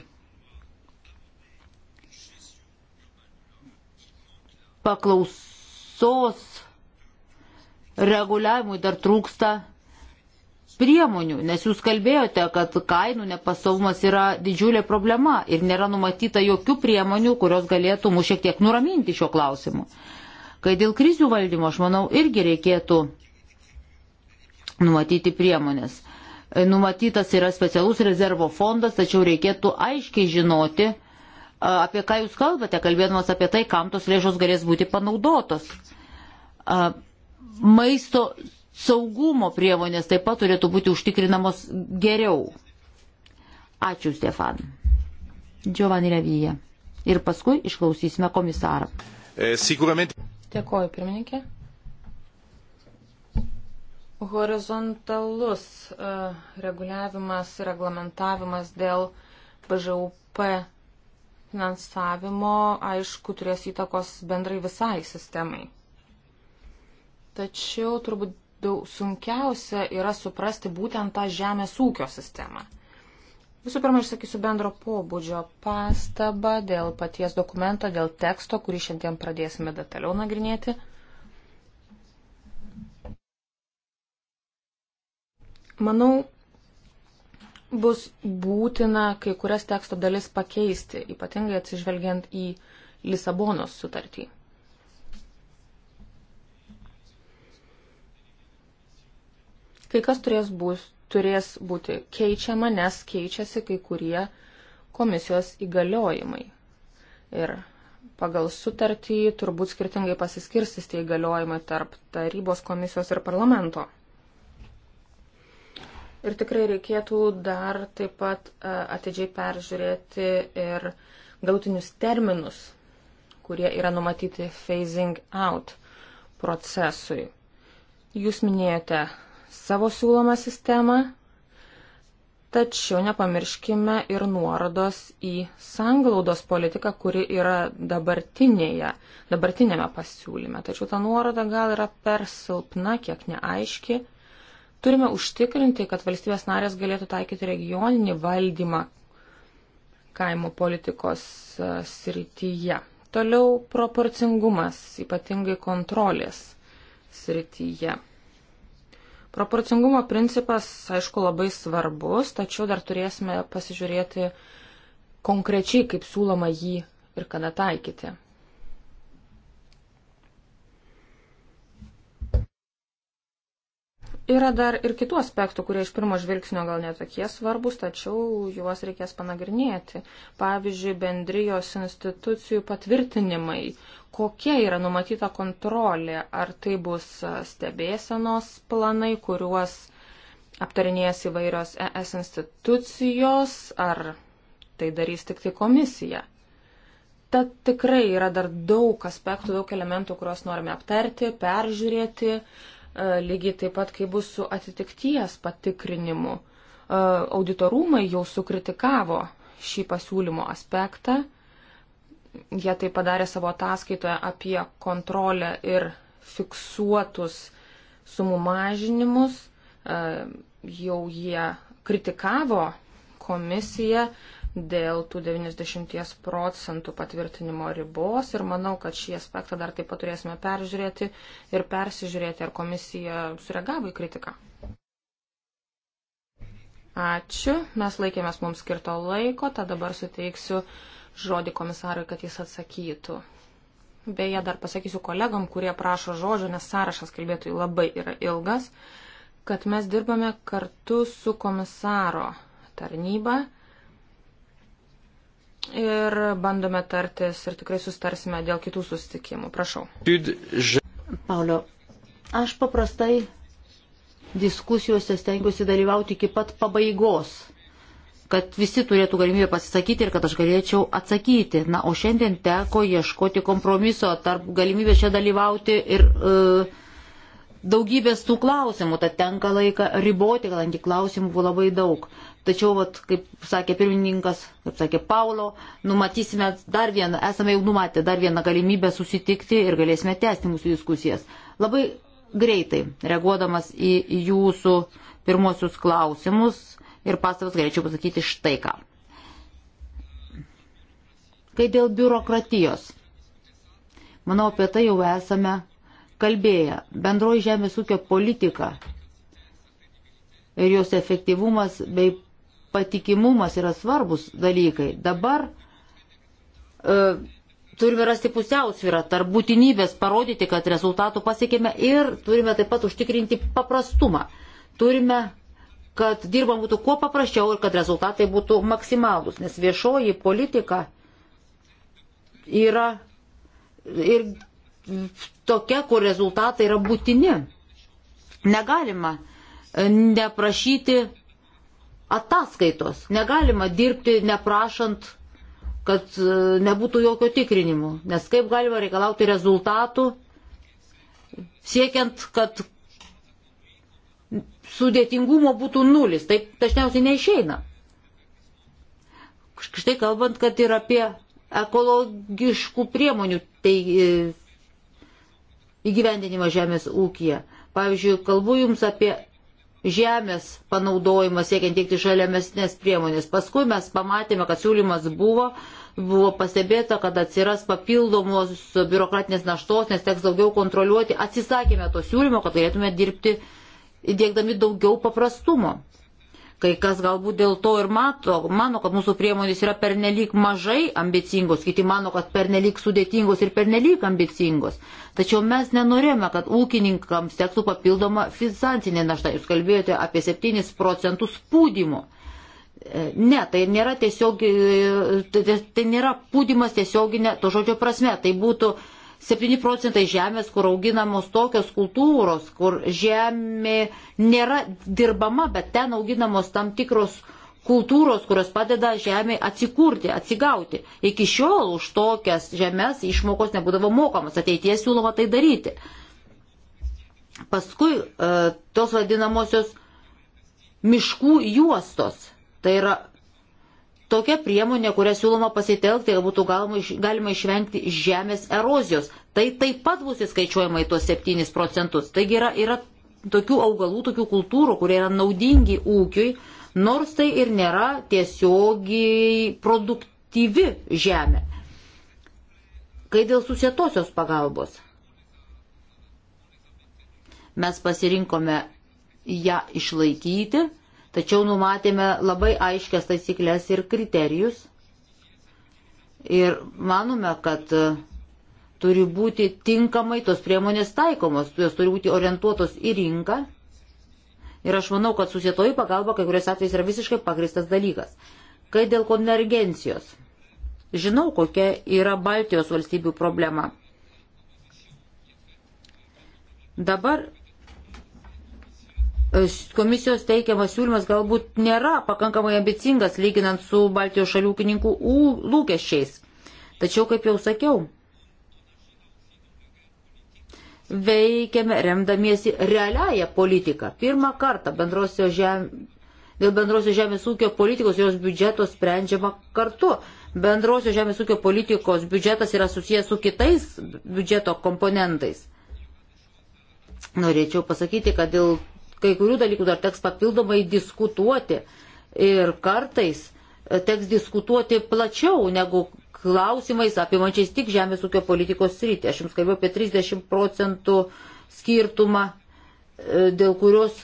S1: paklausos reguliavimui dar trūksta priemonių, nes jūs kalbėjote, kad kainų nepastovumas yra didžiulė problema ir nėra numatyta jokių priemonių, kurios galėtų mus šiek tiek nuraminti šiuo klausimu. Kai dėl krizių valdymo, aš manau, irgi reikėtų numatyti priemonės. Numatytas yra specialus rezervo fondas, tačiau reikėtų aiškiai žinoti, apie ką jūs kalbate, kalbėdamas apie tai, kam tos lėšos galės būti panaudotos maisto saugumo priemonės taip pat turėtų būti užtikrinamos geriau. Ačiū, Stefan. Giovanni Revyje. Ir paskui išklausysime komisarą. E, Dėkoju, pirmininkė.
S3: Horizontalus uh, reguliavimas ir reglamentavimas dėl BŽUP finansavimo, aišku, turės įtakos bendrai visai sistemai. Tačiau turbūt daug sunkiausia yra suprasti būtent tą žemės ūkio sistemą. Visų pirma, išsakysiu bendro pobūdžio pastabą dėl paties dokumento, dėl teksto, kurį šiandien pradėsime detaliau nagrinėti. Manau, bus būtina kai kurias teksto dalis pakeisti, ypatingai atsižvelgiant į Lisabonos sutartį. Kai kas turės, bus, turės būti keičiama, nes keičiasi kai kurie komisijos įgaliojimai. Ir pagal sutartį turbūt skirtingai pasiskirsis tie įgaliojimai tarp tarybos komisijos ir parlamento. Ir tikrai reikėtų dar taip pat e, atidžiai peržiūrėti ir galutinius terminus, kurie yra numatyti phasing out procesui. Jūs minėjote savo siūlomą sistemą, tačiau nepamirškime ir nuorodos į sanglaudos politiką, kuri yra dabartinėje, dabartinėme pasiūlyme. Tačiau ta nuoroda gal yra per silpna, kiek neaiški. Turime užtikrinti, kad valstybės narės galėtų taikyti regioninį valdymą kaimo politikos e, srityje. Toliau proporcingumas, ypatingai kontrolės srityje. Proporcingumo principas, aišku, labai svarbus, tačiau dar turėsime pasižiūrėti konkrečiai, kaip siūloma jį ir kada taikyti. Yra dar ir kitų aspektų, kurie iš pirmo žvilgsnio gal netokie svarbus, tačiau juos reikės panagrinėti. Pavyzdžiui, bendrijos institucijų patvirtinimai, kokia yra numatyta kontrolė, ar tai bus stebėsenos planai, kuriuos aptarinės įvairios ES institucijos, ar tai darys tik tai komisija. Tad tikrai yra dar daug aspektų, daug elementų, kuriuos norime aptarti, peržiūrėti E, lygiai taip pat, kai bus su atitikties patikrinimu. E, auditorumai jau sukritikavo šį pasiūlymo aspektą. Jie tai padarė savo ataskaitoje apie kontrolę ir fiksuotus sumų mažinimus. E, jau jie kritikavo komisiją dėl tų 90 procentų patvirtinimo ribos ir manau, kad šį aspektą dar taip pat turėsime peržiūrėti ir persižiūrėti, ar komisija sureagavo į kritiką. Ačiū, mes laikėmės mums skirto laiko, tad dabar suteiksiu žodį komisarui, kad jis atsakytų. Beje, dar pasakysiu kolegom, kurie prašo žodžio, nes sąrašas kalbėtojų labai yra ilgas, kad mes dirbame kartu su komisaro tarnyba ir bandome tartis ir tikrai sustarsime dėl kitų susitikimų. Prašau. Paulio,
S1: aš paprastai diskusijose stengiuosi dalyvauti iki pat pabaigos, kad visi turėtų galimybę pasisakyti ir kad aš galėčiau atsakyti. Na, o šiandien teko ieškoti kompromiso tarp galimybės čia dalyvauti ir e, daugybės tų klausimų, tad tenka laiką riboti, kadangi klausimų buvo labai daug. Tačiau, vat, kaip sakė pirmininkas, kaip sakė Paulo, numatysime dar vieną, esame jau numatę dar vieną galimybę susitikti ir galėsime tęsti mūsų diskusijas. Labai greitai, reaguodamas į jūsų pirmosius klausimus ir pastabas, galėčiau pasakyti štai ką. Kai dėl biurokratijos, manau, apie tai jau esame kalbėję. Bendroji žemės ūkio politika ir jos efektyvumas bei patikimumas yra svarbus dalykai. Dabar e, turime rasti pusiausvyrą tarp būtinybės parodyti, kad rezultatų pasiekėme ir turime taip pat užtikrinti paprastumą. Turime, kad dirba būtų kuo paprasčiau ir kad rezultatai būtų maksimalūs, nes viešoji politika yra ir tokia, kur rezultatai yra būtini. Negalima e, neprašyti ataskaitos. Negalima dirbti neprašant, kad e, nebūtų jokio tikrinimų. Nes kaip galima reikalauti rezultatų, siekiant, kad sudėtingumo būtų nulis. Taip dažniausiai neišeina. Štai kalbant, kad ir apie ekologiškų priemonių tai, įgyvendinimą žemės ūkija. Pavyzdžiui, kalbu jums apie žemės panaudojimas siekiant tiekti žaliamesnės priemonės. Paskui mes pamatėme, kad siūlymas buvo, buvo pastebėta, kad atsiras papildomos biurokratinės naštos, nes teks daugiau kontroliuoti. Atsisakėme to siūlymo, kad galėtume dirbti įdėkdami daugiau paprastumo. Kai kas galbūt dėl to ir mato, mano, kad mūsų priemonės yra pernelyg mažai ambicingos, kiti mano, kad pernelyg sudėtingos ir pernelyg ambicingos. Tačiau mes nenorėjome, kad ūkininkams tektų papildoma finansinė našta. Jūs kalbėjote apie 7 procentus spūdimo. E, ne, tai nėra tiesiog, e, tai, tai nėra pūdimas tiesioginė to žodžio prasme. Tai būtų uh, 7 procentai žemės, kur auginamos tokios kultūros, kur žemė nėra dirbama, bet ten auginamos tam tikros kultūros, kurios padeda žemė atsikurti, atsigauti. Iki šiol už tokias žemės išmokos nebūdavo mokamas, ateitie siūloma tai daryti. Paskui e, tos vadinamosios miškų juostos, tai yra tokia priemonė, kurią siūloma pasitelkti, kad būtų galima, galima išvengti žemės erozijos. Tai taip pat bus įskaičiuojama į tuos 7 procentus. Taigi yra, yra tokių augalų, tokių kultūrų, kurie yra naudingi ūkiui, nors tai ir nėra tiesiogiai produktyvi žemė. Kai dėl susietosios pagalbos mes pasirinkome ją išlaikyti, tačiau numatėme labai aiškias taisyklės ir kriterijus. Ir manome, kad e, turi būti tinkamai tos priemonės taikomos, jos turi būti orientuotos į rinką. Ir aš manau, kad susietoji pagalba kai kuriais atvejais yra visiškai pagristas dalykas. Kai dėl konvergencijos. Žinau, kokia yra Baltijos valstybių problema. Dabar komisijos teikiamas siūlymas galbūt nėra pakankamai ambicingas lyginant su Baltijos šalių ūkininkų lūkesčiais. Tačiau, kaip jau sakiau, veikiame remdamiesi realiają politiką. Pirmą kartą bendrosios žem... dėl bendrosios žemės ūkio politikos jos biudžeto sprendžiama kartu. Bendrosios žemės ūkio politikos biudžetas yra susijęs su kitais biudžeto komponentais. Norėčiau pasakyti, kad dėl kai kurių dalykų dar teks papildomai diskutuoti ir kartais e, teks diskutuoti plačiau negu klausimais apimančiais tik žemės ūkio politikos sritį. Aš jums kalbėjau apie 30 procentų skirtumą, e, dėl kurios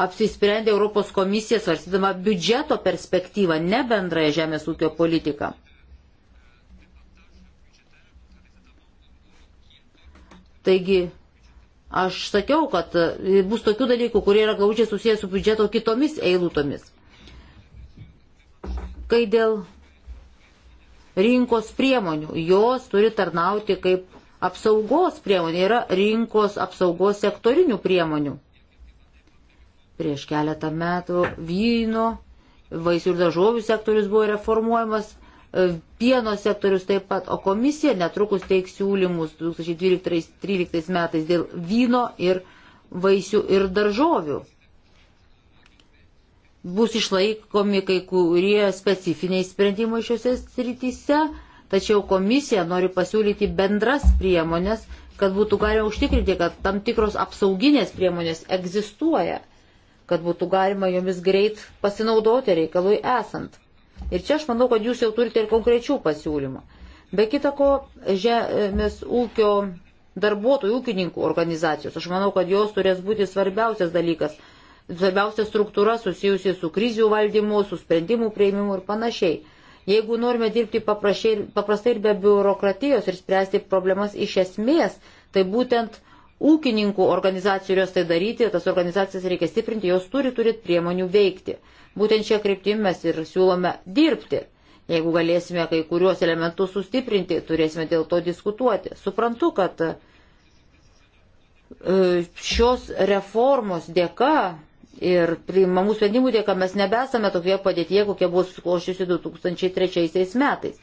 S1: apsisprendė Europos komisija svarstydama biudžeto perspektyvą, ne bendrąją žemės ūkio politiką. Taigi Aš sakiau, kad e, bus tokių dalykų, kurie yra gaučiai susijęs su biudžeto kitomis eilutomis. Kai dėl rinkos priemonių, jos turi tarnauti kaip apsaugos priemonė, yra rinkos apsaugos sektorinių priemonių. Prieš keletą metų vyno, vaisių ir daržovių sektorius buvo reformuojamas, pieno sektorius taip pat, o komisija netrukus teiks siūlymus 2012-2013 metais dėl vyno ir vaisių ir daržovių. Bus išlaikomi kai kurie specifiniai sprendimai šiuose srityse, tačiau komisija nori pasiūlyti bendras priemonės, kad būtų galima užtikrinti, kad tam tikros apsauginės priemonės egzistuoja, kad būtų galima jomis greit pasinaudoti reikalui esant. Ir čia aš manau, kad jūs jau turite ir konkrečių pasiūlymų. Be kita ko, žemės ūkio darbuotojų, ūkininkų organizacijos, aš manau, kad jos turės būti svarbiausias dalykas, svarbiausia struktūra susijusi su krizių valdymu, su sprendimų prieimimu ir panašiai. Jeigu norime dirbti paprastai ir be biurokratijos ir spręsti problemas iš esmės, tai būtent ūkininkų organizacijų ir jos tai daryti, tas organizacijas reikia stiprinti, jos turi turėti priemonių veikti. Būtent šią kryptimį mes ir siūlome dirbti. Jeigu galėsime kai kuriuos elementus sustiprinti, turėsime dėl to diskutuoti. Suprantu, kad e, šios reformos dėka ir priimamų sprendimų dėka mes nebesame tokioje padėtyje, kokie buvo susikloščiusi 2003 metais.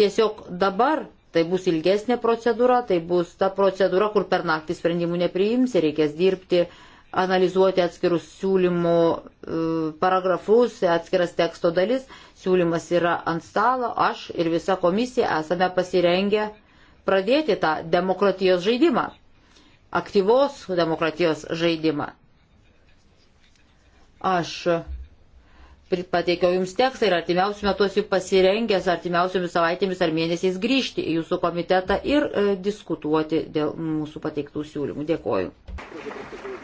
S1: Tiesiog dabar Tai bus ilgesnė procedūra, tai bus ta procedūra, kur per naktį sprendimų nepriimsi, reikės dirbti, analizuoti atskirus siūlymų e, paragrafus, atskiras teksto dalis. Siūlymas yra ant stalo, aš ir visa komisija esame pasirengę pradėti tą demokratijos žaidimą, aktyvos demokratijos žaidimą. Aš pateikiau jums tekstą ir artimiausiu metu esu pasirengęs artimiausiomis savaitėmis ar mėnesiais grįžti į jūsų komitetą ir e, diskutuoti dėl mūsų pateiktų siūlymų. Dėkoju.